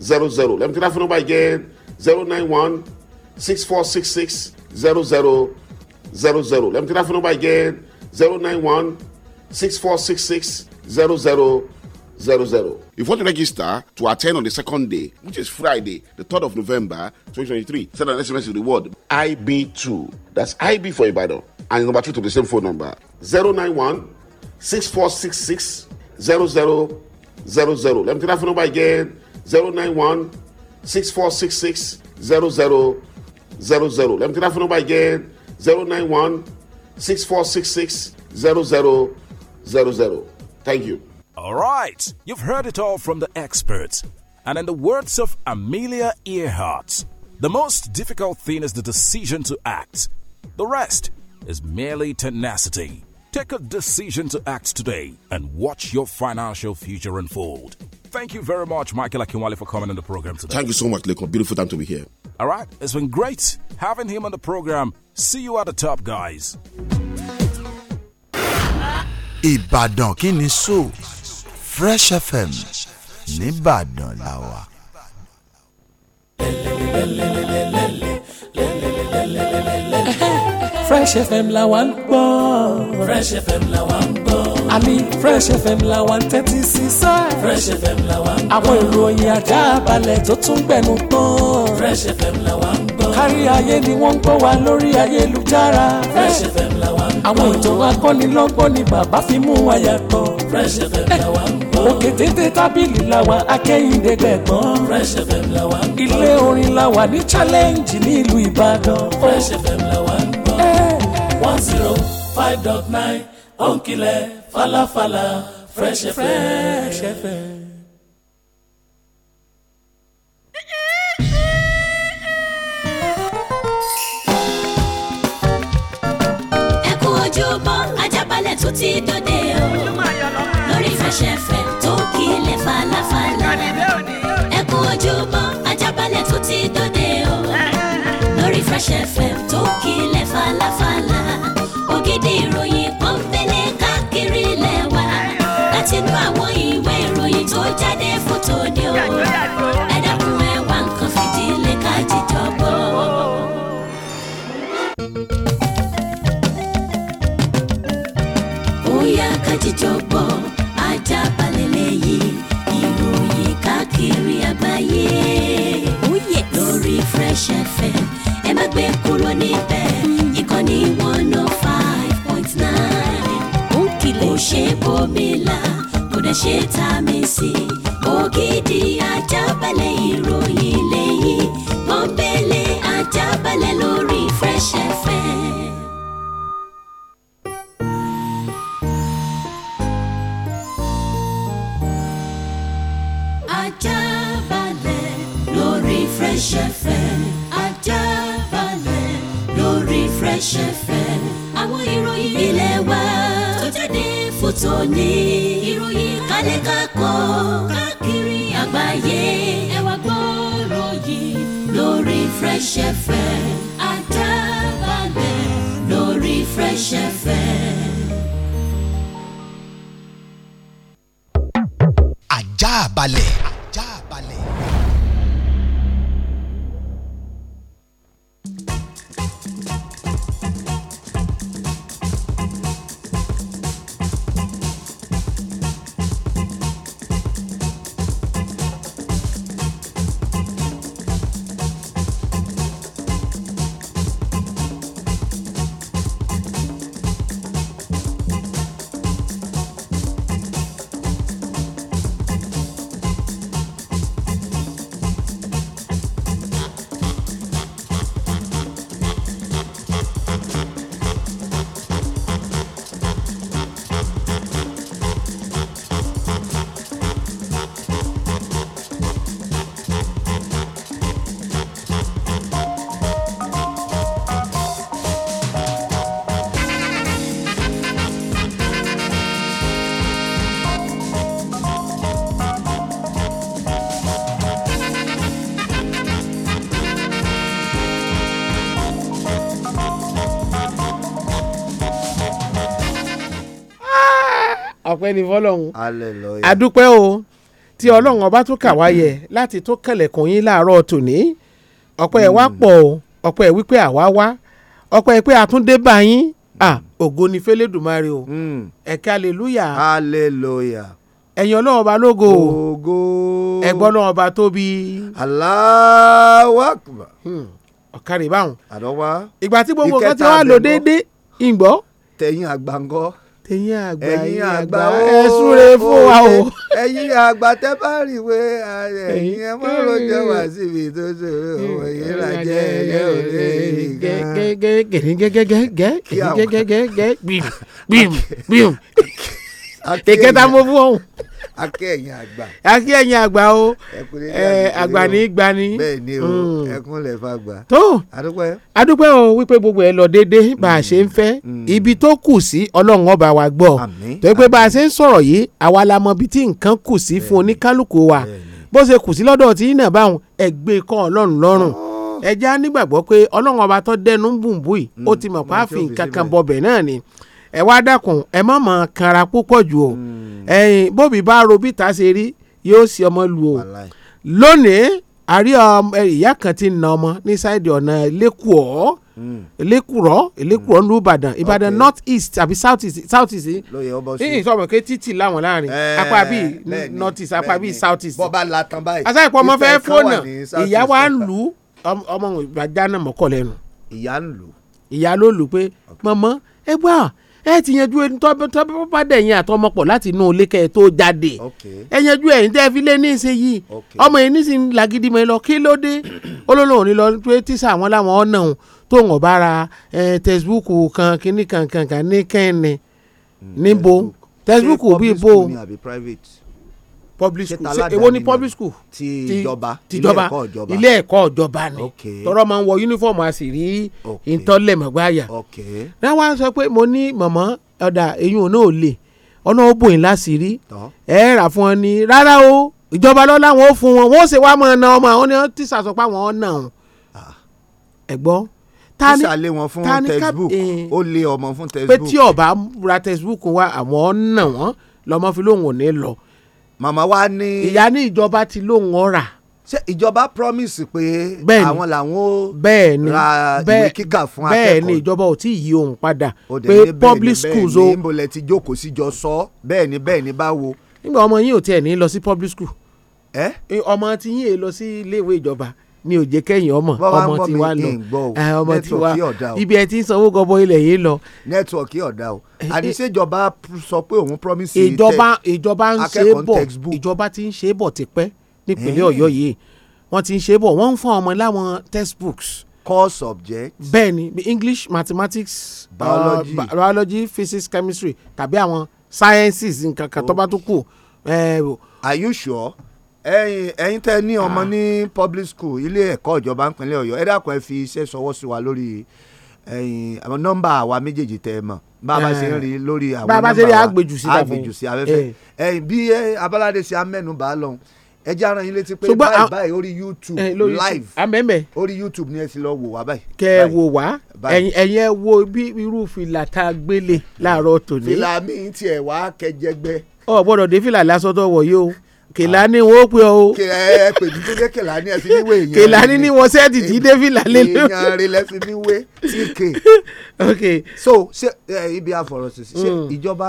Let me tell that phone number again 091 6466 0000. 00. Let me take that phone number again 091 0000. If you want to register to attend on the second day, which is Friday, the 3rd of November 2023, send an SMS to the word IB2. That's IB for Ibadan. And number two to the same phone number 091 6466 0000. Let me take that phone number again 091 6466 0000. Let me take that phone number again 091 6466 0000. Thank you. All right, you've heard it all from the experts. And in the words of Amelia Earhart, the most difficult thing is the decision to act, the rest is merely tenacity. Take a decision to act today and watch your financial future unfold. Thank you very much, Michael Akinwale, for coming on the program today. Thank you so much, Leko. Beautiful time to be here. All right, it's been great having him on the program. See you at the top, guys. so Fresh FM Nibadan lawa. fresh fm la wa ń gbọ́. fresh fm la wa ń gbọ́. àmì fresh fm la wa ń tẹ́tí sí sá. fresh fm la wa ń gbọ́. àwọn ìròyìn àjábalẹ̀ tó tún gbẹnu tán. fresh fm la wa ń gbọ́. kárí ayé ni wọ́n ń gbọ́ wa lórí ayélujára. fresh fm la wa ń gbọ́. àwọn ìtàn akọ́nilọ́gbọ́n ni bàbá fi mú wa yàtọ̀. fresh fm la eh, wa ń gbọ́. òkè téńté tábìlì la wa akẹ́yìndé gbẹ̀gbọ́n. fresh fm la wa ń gbọ́. ilé orin la wa ní challenge ní ìlú Ìbàdàn. fresh fm la wa ń gbọ́ one zero five dot nine ònkìlẹ̀ falafala fresh fm. tó ti dòde o lórí fẹsẹ̀fẹ̀ tó kílẹ̀ falafala ẹ kú ojúmọ́ Ajaabale tó ti dòde. Fresh FM tó kílẹ̀ falafala ògidì ìròyìn kan fẹ́lẹ̀ káàkiri lẹ́wà láti inú àwọn ìwé ìròyìn tó jáde fótó ni o ẹ dákun ẹ wá nǹkan fìdílé ká jíjọ gbọ́. bóyá ká jíjọ gbọ́ ajá balẹ̀ lẹ́yìn ìròyìn káàkiri àgbáyé oh, lórí Fresh FM gbé kúrò níbẹ̀ ìkànnì one oh five point nine. ó kìlẹ̀ kò ṣe bomi la kò dẹ̀ ṣe ta mi sí. ògidì ajábalẹ̀ ìròyìn lẹ́yìn pọ́npẹ́lẹ́ ajábalẹ̀ lórí Fresh FM. Fresh Fresh FM àwọn ìròyìn ilé wa tó jáde fún tòní ìròyìn kálẹ̀ kákọ́ káàkiri àgbáyé ẹ wá gbọ́rọ̀ yìí lórí Fresh FM àdábàgbẹ̀ lórí Fresh FM. àjà balẹ̀. ọpẹ́ ní fọlọ́run adúpẹ́ o tí ọlọ́run ọba tó kà wá láti tó kẹlẹ̀kùn yín láàárọ̀ tòní ọpẹ́ wa mm. pọ̀ o ọpẹ́ wípé àwa wá ọpẹ́ pé àtúndé bá yín mm. ògo ni fẹ́lẹ́dùmarè o mm. ẹ̀kẹ́ aleluya aleluya ẹ̀yin ọlọ́run ọba lógo ògo ẹ̀gbọ́n ọlọ́run ọba tóbi Allahu Akbar hmm, báwọn ìgbà tí gbogbo kan ti wá lò déédéé ìgbọ́ tẹ̀yìn àgbàǹgọ́ ẹ̀yin àgbà ẹ̀yin àgbà ẹ súre fún wa o. ẹ̀yin àgbà tẹ́ bá rí ìwé ẹ̀yin ẹ má rojọ́ wá síbi tó ṣòro òun yìí là jẹ́ ẹ̀yẹ́ òde ìgbà. gẹ́gẹ́ gẹ́gẹ́ gẹ́gẹ́ gẹ́gẹ́ gẹ́gẹ́ gbìm gbìm gbìm èké tá mo fún ọ̀hún. akẹ́ ẹ̀yìn àgbà. akẹ́ ẹ̀yìn àgbà o àgbà ní gbani. bẹ́ẹ̀ ni o hmm. ẹkún lè fa àgbà. tó adúpẹ́. adúpẹ́ o wípé gbogbo ẹ lọ déédéé bá a hmm. ṣe ń fẹ́ hmm. ibi tó kù sí ọlọ́run ọba wa gbọ́ tó pé bá a ṣe ń sọ̀rọ̀ yìí àwa la mọ ibi tí nǹkan kù sí fún oníkálukú wa bó ṣe kù sí lọ́dọ̀ tí iná báwọn ẹgbẹ́ kan ọlọ́run lọ́rùn oh. ẹja nígbàgbọ́ pé ọlọ́run ọba tó dẹnu bùnbùn yìí ó ti mọ̀ pàáfin kankan bọbẹ̀ náà ni. Mm ẹ wá dákun ẹ má mọ̀ kanra púpọ̀ jù o hmm. ẹ̀yin bóbi bá ro bí ta ṣe rí yóò ṣe ọmọ lu o lónìí àrí ìyá kan ti na ọmọ ní sáìdì ọ̀nà lẹ́kùọ́ hmm. lẹ́kùrọ́ lẹ́kùrọ́ ní ìbàdàn ìbàdàn north east àbí south east south east ní ìsọmọ ké títì láwọn láàrin eh, apá bíi north east apá bíi south east bọ́ba la tán báyìí àṣà ìpọ́ ọmọ fẹ́ẹ́ fóònà ìyá wa ń lù ọmọ ìgbàjá náà mọ́kọ́ lẹ́nu. ìyá ń lù. ìyá ló lù pé mọ̀mọ́ ẹ gbà ẹ ti yanjú ẹni tó bá dẹ̀ yẹn àtọmọ pọ̀ láti inú ilé kẹ́ ẹ tó jáde ẹ yanjú ẹ̀yìn tẹ́ ẹ fi lé ní ìsìn yìí ọmọ yìí nísìnyí làgídí mọ́ ẹ lọ kí ló dé [CLEARS THROAT] olólùwọ̀n ni lọ pé tíṣà àwọn làwọn ọ̀nà òun tó ń ọ̀bá ra tẹ̀síbúùkù kan kíní kankan kan ní kẹ́ni hmm, níbo tẹ̀síbúùkù bíi bo public school èwo ni public school ti ìjọba tìjọba ilé ẹ̀kọ́ ìjọba ni tọrọ máa ń wọ uniform a sì rí ìtọ́lẹ̀mọ̀gbáyà náà wá sọ pé mo ní mọ̀mọ́ ọ̀dà eyín òun náà lè ọ̀nà ó bòyìn láti rí ẹ rà fún ọ ní rárá o ìjọba lọ́la wọn ó fún wọn wọn ó sì wá mọ̀ ọ̀nà ọmọ àwọn ni wọ́n ti sàsọpá wọn ọ̀nà ọ̀hún ẹ̀gbọ́n tani tani wọn fún textbook eh, ó lé ọmọ fún textbook pé tí ọba ra textbook wa àwọn ọ̀nà wọn lọmọ fi lóhùn ò ní lọ màmá wa ní. ìyá ní ìjọba ti lóun ọ̀rà ṣé ìjọba promise pé àwọn làwọn ó ra ìwé kíkà fún akẹ́kọ̀ọ́ bẹ́ẹ̀ ni ìjọba ò tí ì yí òun padà pé public schools o. bẹ́ẹ̀ ni bẹ́ẹ̀ ni ìmọ̀lẹ̀ ti jókòó síjọ sọ bẹ́ẹ̀ ni bẹ́ẹ̀ ni báwo. nígbà ọmọ yín ò tiẹ̀ ní lọ sí public school. ẹ ọmọ tí yín è lọ sí ilé ìwé ìjọba mi ò jẹ́ kẹ́yìn ọmọ ọmọ ti wá lọ ọmọ ti wá ibi ẹ ti ń sanwó gọbọ ilẹ̀ yìí lọ. nẹ́tíwọ̀kì ọ̀dà o àdìsẹ́jọba eh, eh, sọ pé òun promise yìí tẹ ìjọba ń ṣe bọ̀ ìjọba ti ń ṣe bọ̀ tipẹ́ nípínlẹ̀ eh. ọ̀yọ́ yìí wọ́n ti ń ṣe bọ̀ wọ́n ń fún ọmọ láwọn textbooks. core subjects. bẹ́ẹ̀ni english mathematics uh, biology uh, biology physics chemistry tàbí àwọn sciences nǹkan kan tó bá oh. tó kù. are you sure? ẹ̀yin ẹ̀yin tẹ ní ọmọ ah. ní public school ilé ẹ̀kọ́ ìjọba ńpínlẹ̀ Ọ̀yọ́ ẹ dákun ẹ fi iṣẹ́ ṣọwọ́ sí wa lórí ẹ̀yin nọ́mbà àwa méjèèjì tẹ ẹ mọ̀ bá a bá ṣe ń eh. rí lórí àwọn nọ́mbà wa bá a ṣe rí àgbèjù sí àgbèjù sí afẹ́fẹ́ eh. ẹ̀yin bí eh, Abọ́ládé ṣe amẹ́nubà lọ́hùn ẹ jẹ́ ara yín létí pé báyìí báyìí orí YouTube live amẹ́mẹ́ ah, orí YouTube ni ẹ ti lọ wò wá báyìí. kẹ ẹ wò wá ẹ̀yin ẹ wo bí irú fìlà tá a gbélé láàárọ̀ tòní. fìlà mi tiẹ̀ wá kẹjẹgbẹ́. o gbọ́dọ̀ dé fìlà lásán wọ̀ yìí o kèlání wọn ó pè ọ o. ẹ pè mí tó jẹ́ kèlání ẹ fi mí wé èèyàn. kèlání ni wọn sẹ́ẹ̀tì tí dẹ́fìlà lé lórí. èèyàn rẹ lẹ fi mí wé tíkè. [LAUGHS] ok. so ṣé ibi àfọ̀rọ̀sì ṣé mm. ìjọba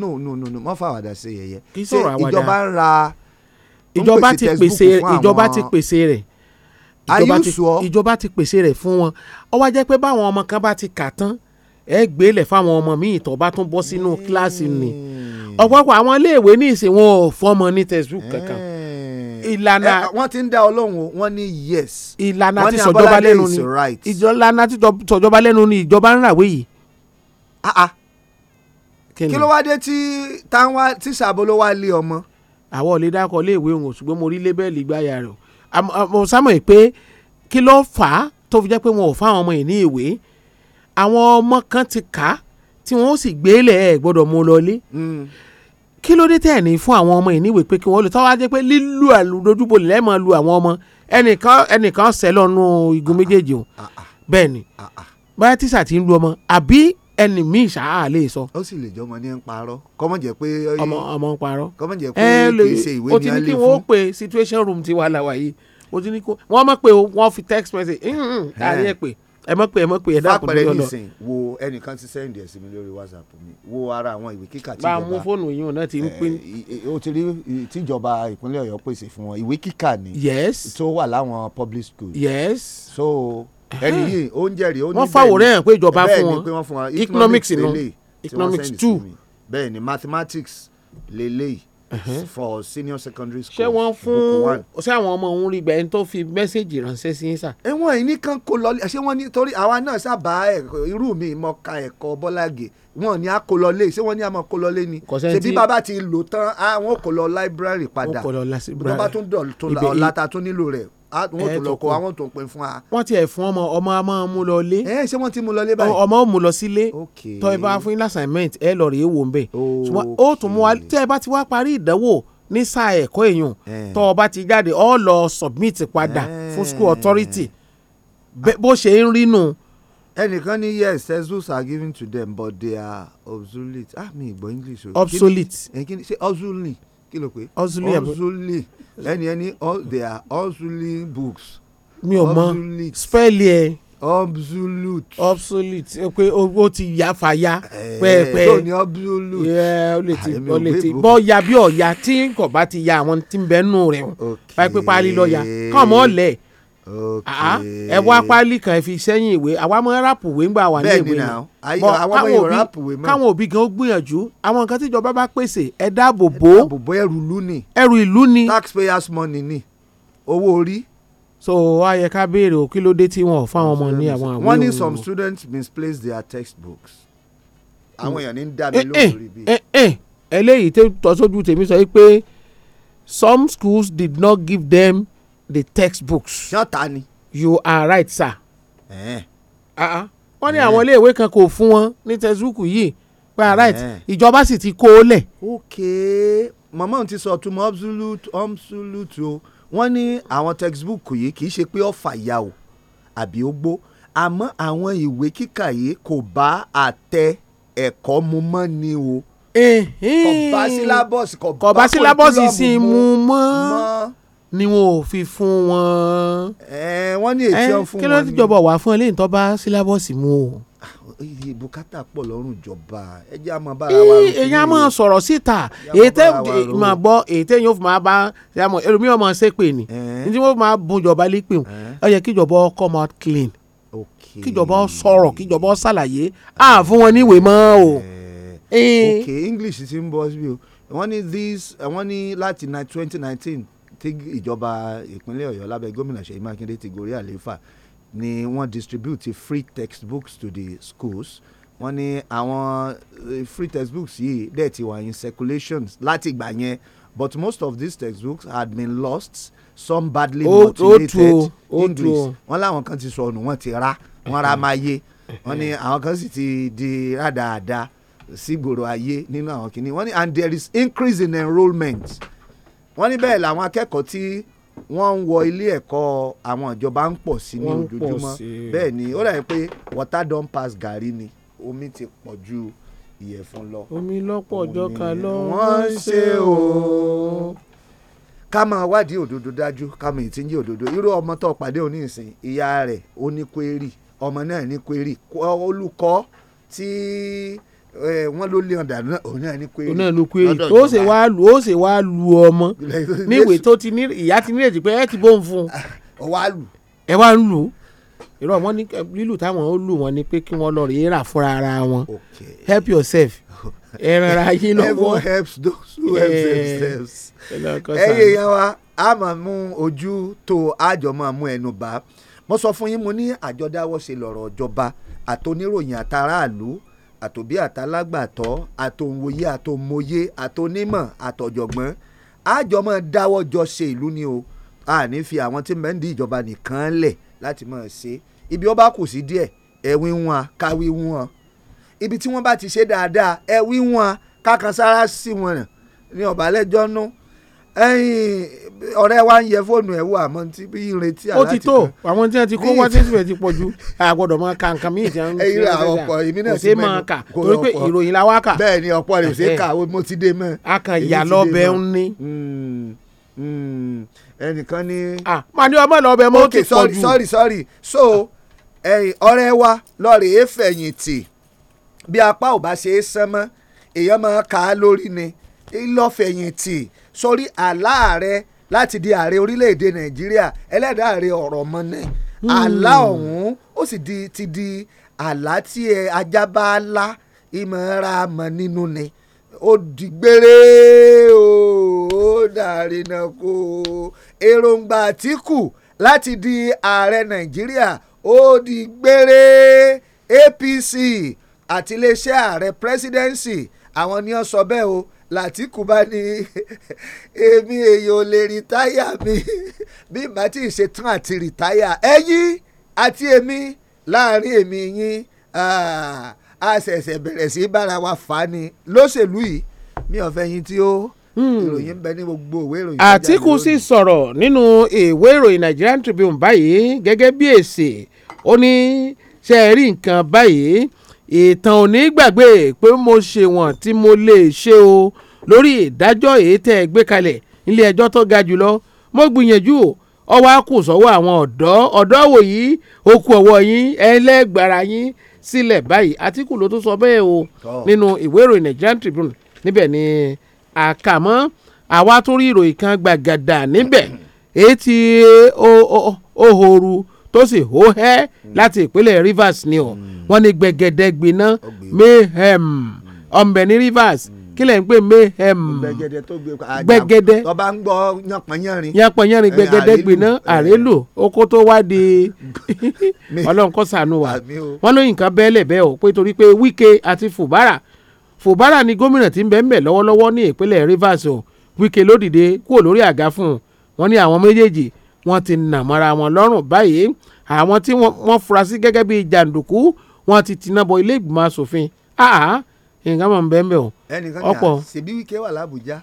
no no no no mọ́ fàwàdà ṣe yẹ̀yẹ́. kì í sọ̀rọ̀ àwàdà ṣé ìjọba ń ra ìjọba ti pèsè ìjọba ti pèsè rẹ̀ ìjọba ti pèsè rẹ̀ fún wọn ó wá jẹ́ pé báwọn ọmọ kan bá ti kà tán ẹ gbé lẹ̀ fáwọn ọmọ míì tó bá tún bọ́ sínú kíláàsì hmm. ni ọ̀pọ̀pọ̀ àwọn iléèwé ní ìsìn wọn ò fọmọ ní textbook kankan hmm. ìlànà eh, wọ́n ti ń dá ọlọ́run o wọ́n ní yes ìlànà ti sọ̀jọba lẹ́nu ni ìlànà ti sọ̀jọba lẹ́nu ni ìjọba ń ràwé yìí. kí ló wá dé tí táwa tí sàbolo wá lé ọmọ. àwọn olè dákọ léèwé òun ṣùgbọ́n mo rí lébẹ́ẹ̀lì gbáyà rẹ̀ mo sámọ̀ pé kí ló fà á tó fi jẹ́ pé wọn ò fáwọn ọmọ yìí ní ìwé àwọn ọmọ kan ti kà á tí wọ́n sì gbélé ẹ̀ gbọ́dọ̀ mú lọlé hmm. kí ló dé tẹ̀ ní fún àwọn ọmọ ìníwèé pé kí wọ́n lè tọ́ wá jẹ́ pé lílù àlùdójúbò lẹ́mọ̀ lu àwọn ọmọ ẹnìkan ẹnìkan lọ́nu igun méjèèjì o ah, ah, ah. bẹ́ẹ̀ ni báyà tíṣà ti ń lu ọmọ àbí ẹnì míì ṣáà lè sọ. ó sì lè jọ ní ń parọ́ kọ́mọ̀ jẹ́ pé. ọmọ ọmọ ń parọ́ kọ́mọ̀ jẹ́ pé kì í ṣe ìwé ni a lè fún. o ti ní kí wọ́n pè situation room ti wà láwàyè o ti ní kí wọ́n mọ̀ pé wọ́n fi text message ààyè hmm, hmm, pè ẹ mọ̀ pé ẹ mọ̀ pé ẹ dákun lórí ọ̀nà. fapẹ̀rẹ̀ nìsín wo ẹnìkan ti sẹ́yìn díẹ̀ sí mi lórí whatsapp mi wo ara àwọn ìwé kíkà tíjọba. bá a mú fóònù yìí wọn náà ti ń eh, pín. o ti rí tíjọba ìpínlẹ̀ ọ̀yọ́ pèsè fún wọn ìwé kíkà ni. yes tó wà láwọn public school. yes so ẹni yìí ó ń jẹ́rìí ó ní bẹ́ẹ̀ ni wọ́n fàwòrán ẹ̀ pé ìjọba fún wọn economics economics two bẹ́ẹ̀ ni mathematics lélẹ́yìí for senior secondary school. ṣé wọ́n fún ṣé àwọn ọmọ òun rí gbẹ̀yìn tó fi mẹ́sẹ̀gì ránṣẹ́ sí sà. ẹ̀wọ̀n yìí nìkan kò lọ ṣé wọ́n ní torí àwa náà sábà irú mi mọ ka ẹ̀kọ́ bọ́lágè wọn ni a kò lọ lé ṣé wọ́n ní a mọ kò lọ lé ni ṣèbí bàbá ti lò tán àwọn kò lọ láìbrárì padà wọ́n kò lọ láìbrárì bàbá tún dọ̀ ọ̀la ta tún nílò rẹ̀ àwọn tó lọ kọ àwọn tó ń pin fún wa. wọ́n ti ẹ̀ fún ọmọ ọmọ a máa mú lọ lé. ẹ ṣé wọ́n ti mú lọ lé báyìí. ọmọ ò mú lọ sílé. tọ́ ẹ bá fún yín assignment ẹ lọ rèé wò ń bẹ̀. ó tún mú wa tẹ́ ẹ bá ti wá parí ìdánwò ní sáà ẹ̀kọ́ èèyàn tọ́ ọ bá ti jáde ọ lọ submit padà fún school authority bó ṣe ń rínú ẹnìkan ní yes textbooks are given to them but they are obsolete ah mi ìgbọ́ english o obsolete ṣe obsolete kí ló pé obsolete ẹni ẹni they are obsolete books. mi ò mọ spẹ́ẹ̀lì ẹ̀. obsolete. obsolete pé o ti yá fàyà eh, pẹ́ẹ́pẹ́. tó ní obsolete. ẹ o lè ti o lè ti bọ́ ya bí ọ̀ya tí kò bá ti ya àwọn tí ń bẹ́ẹ̀ nù rẹ̀ o. báyìí pé pálí lọ́ọ̀yà kọ́ ọ̀mọ́ ọ̀lẹ́ Ah, ah. ẹ wá pálí kan ẹ fi sẹ́yìn ìwé àwa mọ ráàpù ìwé ńgbà wà ní ìwé yìí bọ káwọn òbí gan gbìyànjú àwọn nǹkan tíjọba bá pèsè ẹ dáàbò bò ó ẹrù ìlú ni ẹrù ìlú ni taxpayers money ni owó orí. so wá ká béèrè o kí ló dé tí wọn ò fáwọn ọmọ ní àwọn àwọn. wọ́n ní some students misplace their textbooks àwọn èèyàn ní ń dá mi eh, eh, lórí bí. Eh, eléyìí tó tọ́sójú tèmi sọ pé some schools did not give them the textbooks. yọta ni. you are right sir. Ah, ah. wọ́n ní àwọn iléèwé kan kò fún wọn ní textbook yìí pé all right ìjọba sì ti kó o lẹ̀. ok màmá ti sọ túmọ̀ absolute absolute o wọ́n ní àwọn textbook yìí kì í ṣe pé ọ̀fà ìyá o àbí ó gbó àmọ́ àwọn ìwé kíkà yìí kò bá àtẹ ẹ̀kọ́ mu mọ́ ni o. kò bá sílábọ̀sì kò bá sílábọ̀sì sí mu mọ́ ni wọn ò fi fún wọn. ẹ wọ́n ní ètí ọ fún wọn ni. kí ló ti jọba wà fún eléyìí tó bá sílábọ̀sì mu o. Ah, iye bùkátà pọ̀ lọ́rùn jọba ẹ jẹ́ àmọ́ bára wa rò. èyí á máa sọ̀rọ̀ síta ètè máa gbọ́ ètè yóò máa bá ẹlòmíràn máa ṣépè ni ní wọ́n máa bun jọba lépè o ẹ yẹ kí jọba come out clean kíjọba sọ̀rọ̀ kíjọba ṣàlàyé á fún wọn níwèé mọ́ o. ok English ti ń bọ́ síbi o wọ́n ní tí ìjọba ìpínlẹ̀ ọ̀yọ́ lábẹ́ gómìnà ṣèyí mákindé ti gorí àlééfà ni wọ́n distribute free textbooks to the schools wọ́n ní àwọn eh, free textbooks yìí dẹ̀ ti wà in circulation láti ìgbà yẹn but most of these textbooks had been lost some badly oh, mutilated oh, oh, English wọ́n láwọn kan ti sọnù wọ́n ti ra wọ́n ra máa yé wọ́n ní àwọn kan sì ti di rádaràda sígboro ayé nínú àwọn kìíní wọ́n ní and there is increase in enrolment wọ́n ní bẹ́ẹ̀ làwọn akẹ́kọ̀ọ́ tí wọ́n ń wọ ilé ẹ̀kọ́ àwọn ìjọba ń pọ̀ sí ní ojoojúmọ́ bẹ́ẹ̀ ni ó rà pé water don pass gàrí ni omi ti pọ̀ ju ìyẹ̀fun lọ. omi lọ́pọ̀ ọjọ́ kan ló wọ́n ń ṣe o. ká máa wádìí òdodo dájú ká máa ètí ń jẹ́ òdodo irú ọmọ tó pàdé òní ìsìn ìyá rẹ̀ ó ní kwérì ọmọ náà ní kwérì olùkọ́ tí. Ti Eh, wọ́n ló lé ọ̀dà náà òun náà ní pé. òun náà ló pé ó ṣe wá lu ó ṣe wá lu ọmọ [LAUGHS] níwèé tó ti ní ìyá ti nírètí pé ẹ ti bó ń fún un. ọ wá lù. ẹ wá ń lù ú irọ́ wọn ní lílù táwọn ó lù wọn ni pé kí wọ́n lọ rèé rà fúnra ara wọn help yourself ẹran ara yín [LAUGHS] lọ́wọ́. everyone helps those who help eh, themselves. ẹyẹ yẹn wa a máa mú ojú tó àjọ máa mú ẹnu bá mo sọ fún yín mo ní àjọ dáwọ́ ṣe lọ́rọ̀ ìjọba àtòníròyìn àtàràlú àtòbí àtàlágbàtọ́ àtòǹwòye àtòmòye àtònímọ̀ àtọ̀jọ̀gbọ́n àjọ máa dáwọ́ jọ ṣe ìlú ni o a ní fi àwọn tí mẹ́ndì ìjọba nìkan lẹ̀ láti máa ṣe ibi ó bá kù sí díẹ̀ ẹ̀wí wọn káwí wọn ibi tí wọ́n bá ti ṣe dáadáa ẹ̀wí wọn kákan sára sí wọn ní ọ̀bálẹ́jọ́ nú ọ̀rẹ́ wa ń yẹ fóònù ẹ̀ wò àmọ́ tí bí ìrètí àláti kan. ó ti tó àwọn tí wọ́n ti kó wá sí ìfẹ́ ti pọ̀ ju àgbọ̀dọ̀ máa ka nǹkan míì tí wọ́n ti ń sẹ́yà kò sí máa kà torí pé ìròyìn la wá kà. bẹ́ẹ̀ ni ọ̀pọ̀ rẹ̀ ò sí eh, eh. kà mo ti dé mọ́. a kan ìyá lọ́bẹ̀ ń ní. Hmm. Hmm. ẹnìkan ní. Ah, màá ní ọmọ lọ́bẹ̀ mo ti pọ̀ ju. sorry sorry so ọ̀rẹ́ wa lọ́ọ̀rẹ́ èfẹ̀yìntì bí apá ò bá ṣe é sán mọ́ èèyàn máa kà á lórí ni ìlọ́fẹ̀yìntì sórí àlá láti di ààrẹ orílẹ̀-èdè nàìjíríà ẹlẹ́dàá ààrẹ ọ̀rọ̀ mọ́ ni hmm. àlá ọ̀hún ó sì di ti di àlá tí ẹ ajábáálá ìmọ̀ra mọ̀ nínú ni ó di gbére o ó dàrí náà kó èròǹgbà Àtíkù láti di ààrẹ nàìjíríà ó di gbére APC àti iléeṣẹ́ ààrẹ presidency àwọn ni wọ́n sọ bẹ́ẹ̀ o látìkù bá ní èmi èèyàn ò lè rìtáyà mi bí màá tí ì ṣe tán àti rìtáyà ẹ̀yin àti èmi láàrin èmi yín a ṣẹ̀ṣẹ̀ bẹ̀rẹ̀ sí bára wa fà á ni lóṣèlú yìí mi ò fẹ́ yín tí ó hmm. ìròyìn bẹ ní gbogbo ìwé ìròyìn. àtìkù sì sọ̀rọ̀ nínú ìwé ìròyìn Nigerian Tribune báyìí gẹ́gẹ́ bí èsì ó ní ṣe é rí nǹkan báyìí ìtàn ò ní gbàgbé pé mo ṣèwọ̀n tí mo lè ṣe o lórí ìdájọ́ èyí tẹ́ ẹ gbé kalẹ̀ nílé ẹjọ́ tó ga jùlọ mo gbìyànjú o ọwọ́ á kù sọ́wọ́ àwọn ọ̀dọ́ ọ̀dọ́ wò yìí okù ọ̀wọ́ yín ẹlẹ́gbàrà yín sílẹ̀ báyìí Àtíkù ló tún sọ bẹ́ẹ̀ o nínú ìwé ìròyìn Nigerian Tribune níbẹ̀ ni àkàmọ́ àwa tún rí ìròyìn kan gbàgàdà níbẹ̀ èyí tí ó òhòrù tó sì hó hẹ́ hmm. láti ìpínlẹ̀ Rivers ni o hmm. wọ́n ní gbẹ̀gẹ̀dẹ̀ gbiná mayhem hmm. ọ̀nbẹ ní Rivers kílẹ̀ ń pè mayhem gbẹ̀gẹ̀dẹ̀ tó bá ń gbọ́ yánpọnyánrin yánpọnyánrin eh, gbẹ̀gẹ̀dẹ̀ gbiná eh. àrélò oko tó wá di [LAUGHS] ọlọ́run kó ṣàánú wa wọ́n lóyìn kan bẹ́ẹ̀lẹ̀ bẹ́ẹ̀ o pé torí pé Wike àti Fubara Fubara ni gómìnà tí ń bẹ́ẹ̀ mbẹ̀ lọ́wọ́lọ́wọ́ ní ìpínlẹ̀ Rivers o Wike lódìde kúrò lórí àga fún un wọ́n ní àwọn méjèèjì wọ́n ti nà mọ́ra wọn lọ́rùn báyìí àwọn tí wọ́n fura sí gẹ́gẹ́ bíi jàǹdùkú wọ́n ti tiná bọ ilé ìgbìmọ̀ asòfin àá nǹkan mọ̀ nbẹ́ nbẹ́ o ọ̀pọ̀. ṣèbí wíkẹ́ wà lábújá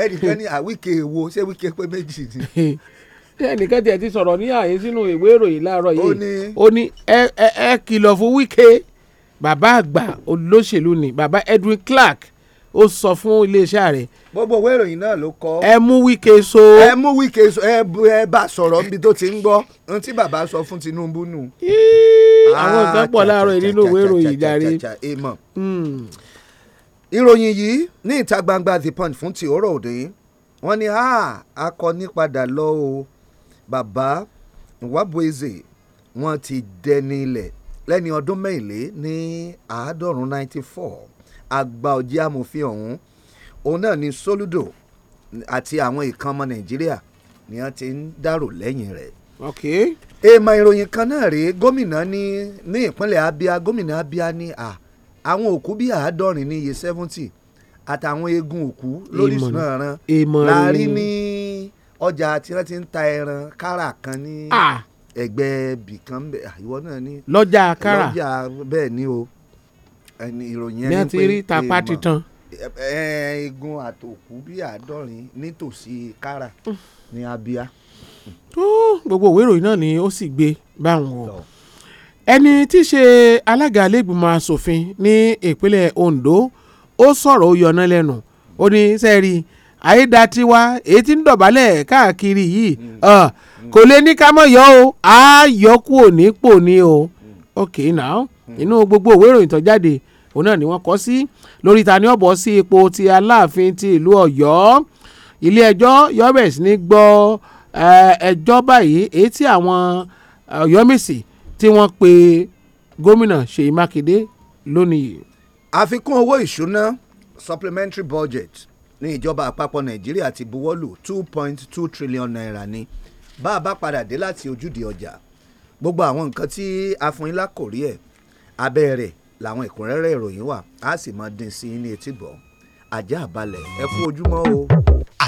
ẹnìkan ní àwíkẹ́ èwo ṣé wíkẹ́ pé méjì ni. ẹnìkan tiẹ̀ ti sọ̀rọ̀ ní àyè sínú ìwé ìròyìn láàárọ̀ yìí ó ní ẹ kìlọ̀ fún wíkẹ́ bàbá àgbà olóṣèlú ni bàbá Edwin Clark ó sọ fún iléeṣẹ́ ààrẹ. gbogbo òwe ìròyìn náà ló kọ. ẹ mú Wike so. ẹ mú Wike so ẹ ẹ bá sọ̀rọ̀ níbi tó ti ń gbọ́ ohun tí bàbá sọ fún Tinubu nù. àwọn nǹkan ah, pọ̀ láàárọ̀ nínú òwe ìròyìn ìdarí. Hmm. ìròyìn yìí ní ìta gbangba The Punch fún ti òórọ̀ òde wọ́n ní akọni padà lọ o bàbá Nwabueze wọ́n ti dẹni ilẹ̀ lẹ́ni ọdún mẹ́ìlé ní àádọ́rùn-ún ninety four àgbà amòfin ọ̀hún òun náà ni Soludo àti àwọn ìkan ọmọ Nàìjíríà ni wọ́n ti ń dárò lẹ́yìn rẹ̀. èèmọ̀ ìròyìn kan náà rèé gómìnà ní ní ìpínlẹ̀ Abia gómìnà Abia ní à àwọn òkú bíi àádọ́rin ní iye seventy àtàwọn eegun òkú lórí ìsúná ẹran láàrin ní ọjà tí wọ́n ti ń ta ẹran kára kan ní ẹgbẹ́ bìkan ìwọ náà ní. lọ́jà kára lọ́jà bẹ́ẹ̀ ni o ẹni ìròyìn ẹni pé ní àti rí tapá titan. eegun àtòkù bíi àádọ́rin nítòsí kára ní abia. gbogbo òwe ìròyìn náà ni ó sì gbé báwọn o ẹni tí í ṣe alága ilégbìmọ̀ asòfin ní ìpínlẹ̀ Ondo ó sọ̀rọ̀ ó yọná lẹ́nu ó ní sẹ́ẹ̀rì àyédatiwa èyí tí ń dọ̀bálẹ̀ káàkiri yìí mm. Mm. kò lè ní ká mọ̀ yọ o á yọ kúrò nípò ni o mm. ok now inú gbogbo òwe ìròyìn tó jáde òun náà ni wọ́n kọ́ sí lórí ta ni ó bọ́ sí ipò ti aláàfin ti ìlú ọ̀yọ́ ilé ẹjọ́ yọ̀bẹ̀sì ní gbọ́ ẹjọ́ báyìí èyí tí àwọn ọ̀yọ́mèsì tí wọ́n pe gómìnà ṣèyí mákindé lónìí. àfikún owó ìṣúná supplementary budget ní ìjọba àpapọ̀ nàìjíríà ti buwọ́lù two point two trillion naira ni bá a bá padà dé láti ojúde ọjà gbogbo àwọn nǹkan tí a fún yín lákòrí ẹ̀ abẹ́ rẹ̀ làwọn ìkúnrẹ́rẹ́ ìròyìn wà á sì máa dín sí ní etí gbọ́ ajá balẹ̀ ẹ kú ojúmọ́ o.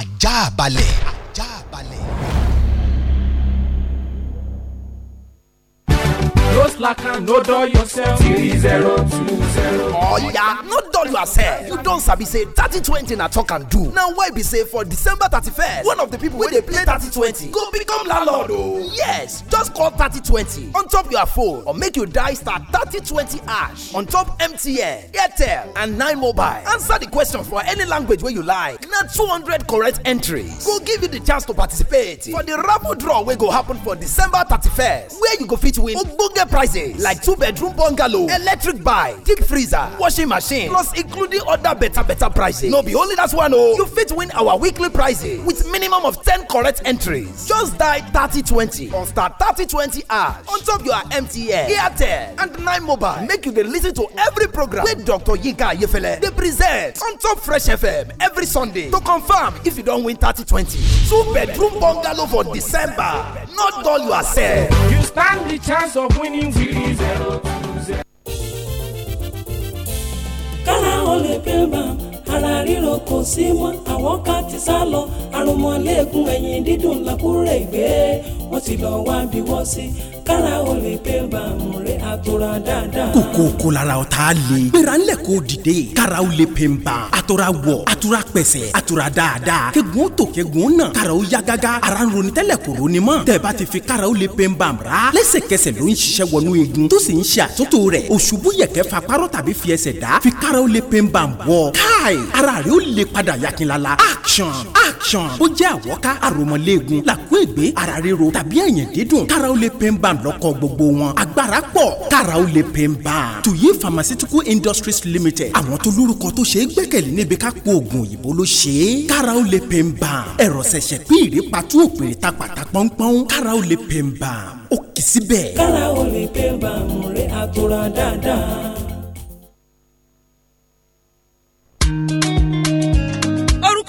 ajá balẹ̀ ajá balẹ̀. slack oh, and no dull yourself. three zero two zero. oya no dull yourself you don sabi say thirty twenty na talk and do Now why be say for december thirty first one of the people wey dey play thirty twenty go become landlord o. Oh. yes just call thirty twenty on top your phone or make you die start thirty twenty ash on top mtn airtel and nine mobile answer the question for any language wey you like na two hundred correct entries go give you the chance to participate for the raffle draw wey go happen for december thirty first where you go fit win ogbonge prize prices like two bedroom bungalow, electric bike, deep freezer, washing machine, plus including other better better prices. No be only that one oh. You fit win our weekly prizes with minimum of ten correct entries. Just die thirty twenty. on start twenty ash on top your MTN, Airtel and nine mobile. Make you dey lis ten to every program wey Dr. Yinka Ayefele dey present on top Fresh FM every Sunday to confirm if you don win thirty twenty, Two bedroom bungalow for December. No dull yourself. You stand the chance of winning káláhùn lè pé ara àwọn ká ti sá lọ àrùnmọ́lẹ́gùn ẹ̀yìn dídùn làkúrẹ́ ìgbé wọ́n ti lọ wá bí sí pé jọra dáadáa. kòkó kò lára ọ̀tá le. gbéra ńlẹ̀ kò dìde. karaw le pe n ban. atora wọ atura pẹ̀sẹ̀ atura dáadáa. kegun tó kegun náà. karaw ya gágá. ara ń ronú tẹ́lẹ̀ kò ronú mọ́. tẹ̀bá ti fi karaw le pe ra. lẹ́sẹ̀kẹsẹ̀ ló ń ṣiṣẹ́ wọnú igun. tó sì ń ṣe àtúntò rẹ̀. òṣùbù yẹ̀kẹ́ fa párọ̀ tàbí fi ẹsẹ̀ dá. fi karaw le pe n ban bọ̀. káì ara rẹ̀ ó le padà yakinlala. action action. ó jẹ́ àwọ̀ká àròmọ̀léegun làkúègbé ara ríro tàbí ẹ̀yìn dídùn. karaw le pe n ban lọ́kọ̀ gbogbo wọn. agbára pọ̀ kára ó lè pè ń tuyi pharmaceutical industries limited àwọn tó lórúkọ tó ṣe é gbẹ́kẹ̀lé níbi ká po oògùn òyìnbó ló ṣe é. kára ó lè pè ń bá a. ẹ̀rọ ṣẹ̀ṣẹ̀ pín ìrèpàtú òpèrè ta pàtà pọ́npọ́n kára ó lè pè ń ó kì í síbẹ̀. kára ó lè pè ń bá a mú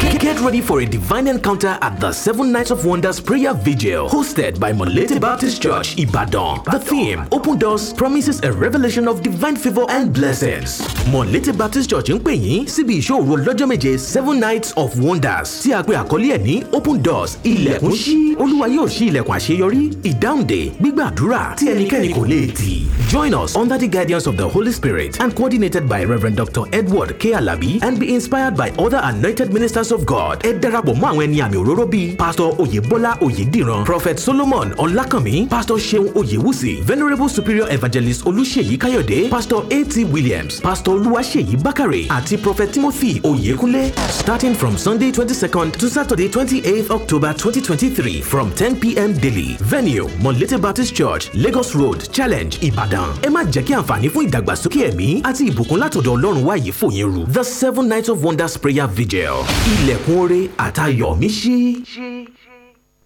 Get ready for a divine encounter at the Seven Nights of Wonders Prayer Vigil, hosted by Molete Baptist Church, Ibadan. The theme, Open Doors, promises a revelation of divine favor and blessings. Molete Baptist Church ń pè yín síbi ìṣòro lọ́jọ́ méje Seven Nights of Wonders tí a pè àkọlé ẹ̀ ní Open Doors, ilẹ̀kùn ṣí. Olúwa yóò ṣí ilẹ̀kùn àṣeyọrí, ìdáhùndè, gbígbàdúrà tí ẹnikẹ́ni kò lè tì. Join us under the guidance of the Holy Spirit and coordinated by Rev. Dr. Edward K. Alabi and be inspired by other anointed ministers house of god ẹ darapọ̀ mọ́ àwọn ẹni àmì òróró bíi pastor Oyebola Oyediran, prophet solomon ọlákànmí pastor seun Oyewusi, venerable superior evangelist olùṣèyí Kayode, pastor at williams pastor olúwaṣèyí Bakare, àti prophet timothy oyèkúnlé starting from sunday 22 second to saturday 28 eighth october 2023 from 10 pm daily venue molete baptist church lagos road challenge Ibadan. ẹ má jẹ́ kí àǹfààní fún ìdàgbàsókè ẹ̀mí àti ìbùkún látọ̀dọ̀ ọlọ́run wáyé fòyín ru the seven nights of wonders prayer vigil ilẹ̀kùn oore àtayọ̀ mi ṣí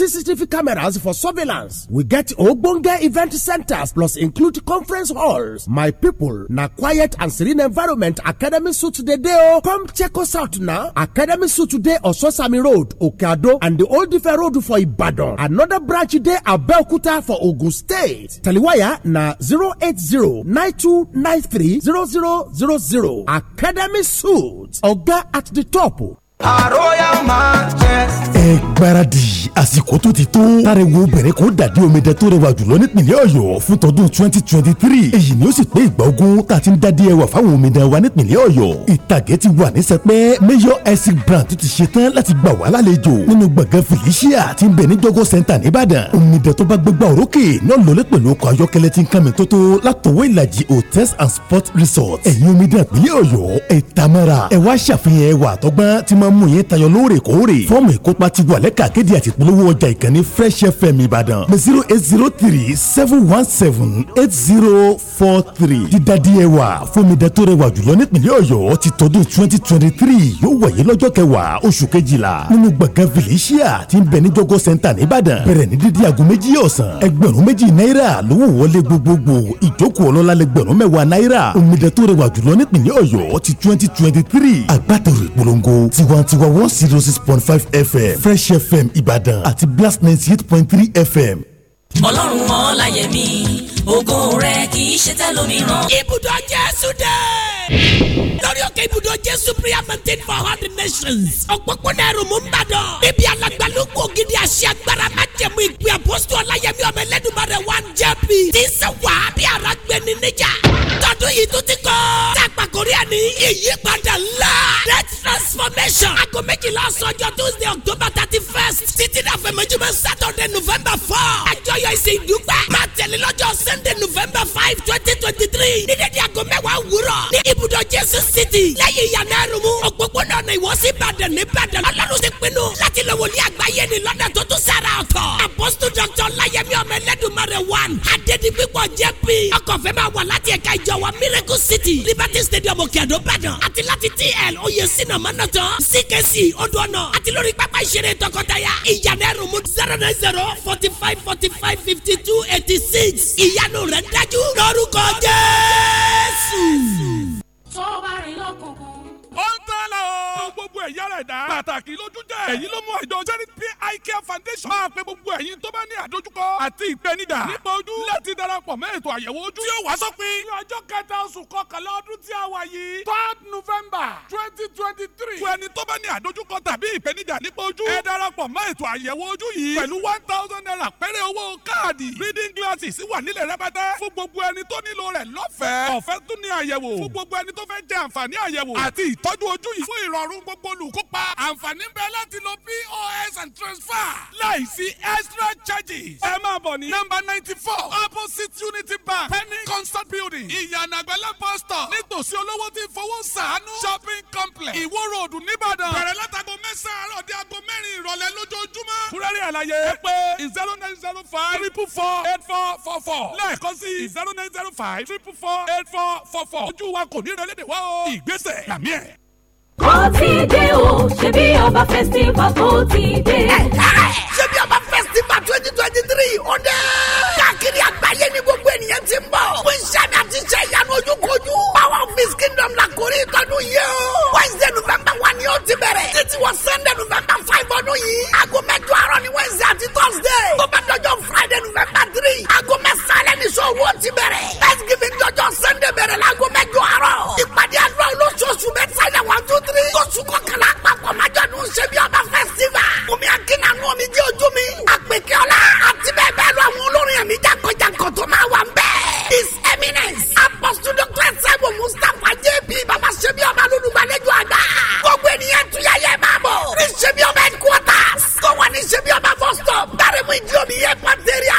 CCTV cameras for surveillance. We get ogbonge event centers plus include conference halls. My people, na quiet and serene environment Academy Suit dey dey o. Oh. Come check us out now. Academy Suit on Sosami Road, Okeado and the Old Ife Road for Ibadan. Another branch at Belkuta for Ogun State. Taliwaya na 08092930000. Academy Suit, Oga at the top ẹ gbáradì àsìkò tó ti tó. tariwo bẹ̀rẹ̀ kó dàdí omidan tó rẹwà jùlọ nípìnlẹ̀ ọ̀yọ́ fún tọdún twenty twenty three. èyí ni ó sì pé ìgbà ogún tá a ti ń dádí ẹwà fáwọn omidan wa nípìnlẹ̀ ọ̀yọ́. ìtàgé ti wà ní sẹpẹ́ mayor essex brand tó ti ṣe tán láti gbà wá lálejò nínú gbọ̀ngàn felicia ti ń bẹ ní jọgọ́ center nìbàdàn. omidan tó bá gbégbá òrókè náà lọlé pẹ̀lú ọkọ̀ ayọ́kẹ́lẹ́ ti ń kànmí and sports resort. ẹ̀yin omidan ìpínlẹ̀ ọ̀yọ́ tamara ẹ̀ wá ṣàfihàn ẹwà máa mú yín tayọ lóòrèkóòrè fọ́ọ̀mù ìkópa ti wà lẹ́ka akéde àti ìpolówó ọjà ìkànnì Fresh FM Ìbàdàn pé zero eight zero three seven one seven eight zero four three dídá díẹ̀ wà fúnmidà tó rẹwà jùlọ nípìnlẹ̀ Ọ̀yọ́ ti tọdún twenty twenty three yóò wáyé lọ́jọ́ kẹwàá oṣù kejìlá nínú gbọ̀ngàn felicia ti ń bẹ ní jọgọ center nìbàdàn bẹ̀rẹ̀ ní dídí aago méjì ọ̀sán ẹgbẹ̀rún méjì náírà lówó wọlé gbogbogbò ìjókòó ọlọ́lá lẹgbẹ̀rún mẹ́wàá náírà omidan tó rẹwà jùlọ nípìnlẹ̀ Ọ̀yọ́ ti twenty twenty three agbátẹrù ìpolongo tiwa ìbàdàn tiwa one zero six point five fm fresh fm Ibadan, àti blast ninety eight point three fm. ọlọ́run ọláyẹmí ògo rẹ kì í ṣe tẹ́lómìíràn. ibùdó jésù dé lórí òkè ibùdó jésù prayer mountain for all the nations. ọ̀pọ̀pọ̀nà ẹ̀rù mú ń bàdàn. níbi alàgbàlógún àṣẹ agbára májẹ̀mú ìpè àpòsù ọláyẹmí ọmọ ẹlẹ́dùnmọ́rẹ̀ wá ń jẹ́ bí. tí ń sọ wà á bí ara gbẹni níjà. tọdún yìí tún ti kọ́. tá a pàkórí ẹni ìyípadà ńlá transformation. aago méjìlá sọjọ́ tuesday october thirty first títí dàfẹ́ méjìlá saturday november four. àjọyọ̀ ìsìn ìdúpẹ́ máa tẹ̀lé lọ́jọ́ sunday november five twenty twenty three ní dédé aago mẹ́wàá wúrọ̀ ní ibùdó jésù city lẹ́yìn ìyànà ẹrùmú òpópónà ọ̀nà ìwọ́sí ìbàdàn ní ìbàdàn ọlọ́run ti pinnu láti lọ wòlíì àgbáyé ní lọ́dọ̀ tó tún sára ọ̀tọ̀. apostle doctor ọláyẹmí ọmọ ẹlẹ́d rẹ̀ one adédìpípọ̀ JP. pé ọkọ̀ fẹ́ máa wà láti ẹ̀ka ìjọwọ́ miracle city liberty stadium òkèèdò ìbàdàn àti láti tl oyèsínà mọ́nàtàn ckc odòànà àti lórí pápá ìṣeré tọkọtaya ìyànà ẹrùmú zero nine zero forty five forty five fifty two eighty six ìyanu rẹ̀ dájú lórúkọ jẹ́. gbogbo ẹ̀yà ara ẹ̀dá. pàtàkì lójú jẹ́ èyí ló mú àjọ charity pi care foundation máa pe gbogbo ẹ̀yin tó bá ní àdójúkọ àti ìpèníjà nípa ojú láti darapọ̀ mẹ́ ètò àyẹ̀wò ojú. tí ó wá sópin. ní ọjọ́ kẹta oṣù kọkànlá ọdún tí a wà yìí. third november twenty twenty three. fún ẹni tó bá ní àdójúkọ tàbí ìpèníjà nípa ojú. ẹ darapọ̀ mẹ́ ètò àyẹ̀wò ojú yìí. pẹ̀lú one thousand naira péré olùkópa àǹfààní ń bẹ láti lo pos and transfer láìsí extra charges. ẹ máa bọ̀ ní. nọ́mbà ninety four opposite unity bank penny concert building ìyànà àgbẹ̀lẹ̀ bus stop nítòsí olówó tí fowó sàánú shopping complex ìwó road nìbàdàn. bẹ̀rẹ̀ látago mẹ́sàn-án àárọ̀ di aago mẹ́rin ìrọ̀lẹ́ lójoojúmọ́. kúrẹ́rì àlàyé ẹ pé zero nine zero five triple four eight four four four lẹ́ẹ̀kan sí zero nine zero five triple four eight four four four ojú wa kò ní ìrẹ́lẹ́dẹ̀ wá o ìgbésẹ̀ làmí ẹ̀ ó ti dé o ṣebí ọba festival tó ti dé. ṣebí ọba festival twenty twenty three ó dé. káàkiri àgbáyé ni gbogbo ènìyàn ti ń bọ̀. fún iṣẹ́ mi àti iṣẹ́ ìyanu ojúkojú promise kingdom la kórè ìtọ́dún yìí o. wednesday november one ni ó ti bẹ̀rẹ̀. títí wọ sunday november five ọdún yìí. aago mẹ́jọ àárọ̀ ni wednesday àti thursday. tó bá dọjọ́ friday november three. aago mẹ́sàlẹ̀ ni sọ̀rọ̀ ó ti bẹ̀rẹ̀. thanksgiving dọjọ́ sunday bẹ̀rẹ̀ láago mẹ́jọ àárọ̀. ìpàdé àdúrà olóṣooṣù bẹ́ẹ̀ sáyẹn one two three. oṣù kọkànlá àpapọ̀ májọ̀dún ṣe bí ọba festival. omi akínàánú omi jẹ́ ojú mi. àpèkẹ́ ọlá àti bẹ́ẹ̀ bẹ́ẹ̀ lọ àwọn olórin àmì jákọ̀jákọ̀ tó máa wà ń b his eminence apostle doctor Simon mustapha jp baba sebi ọba lolùgbàlejò àgbà gbogbo ènìyàn tuya yẹ máa bọ̀ ní sebi ọba headquarters kó wà ní sebi ọba bus stop dárẹ́mú ìdí omi yẹ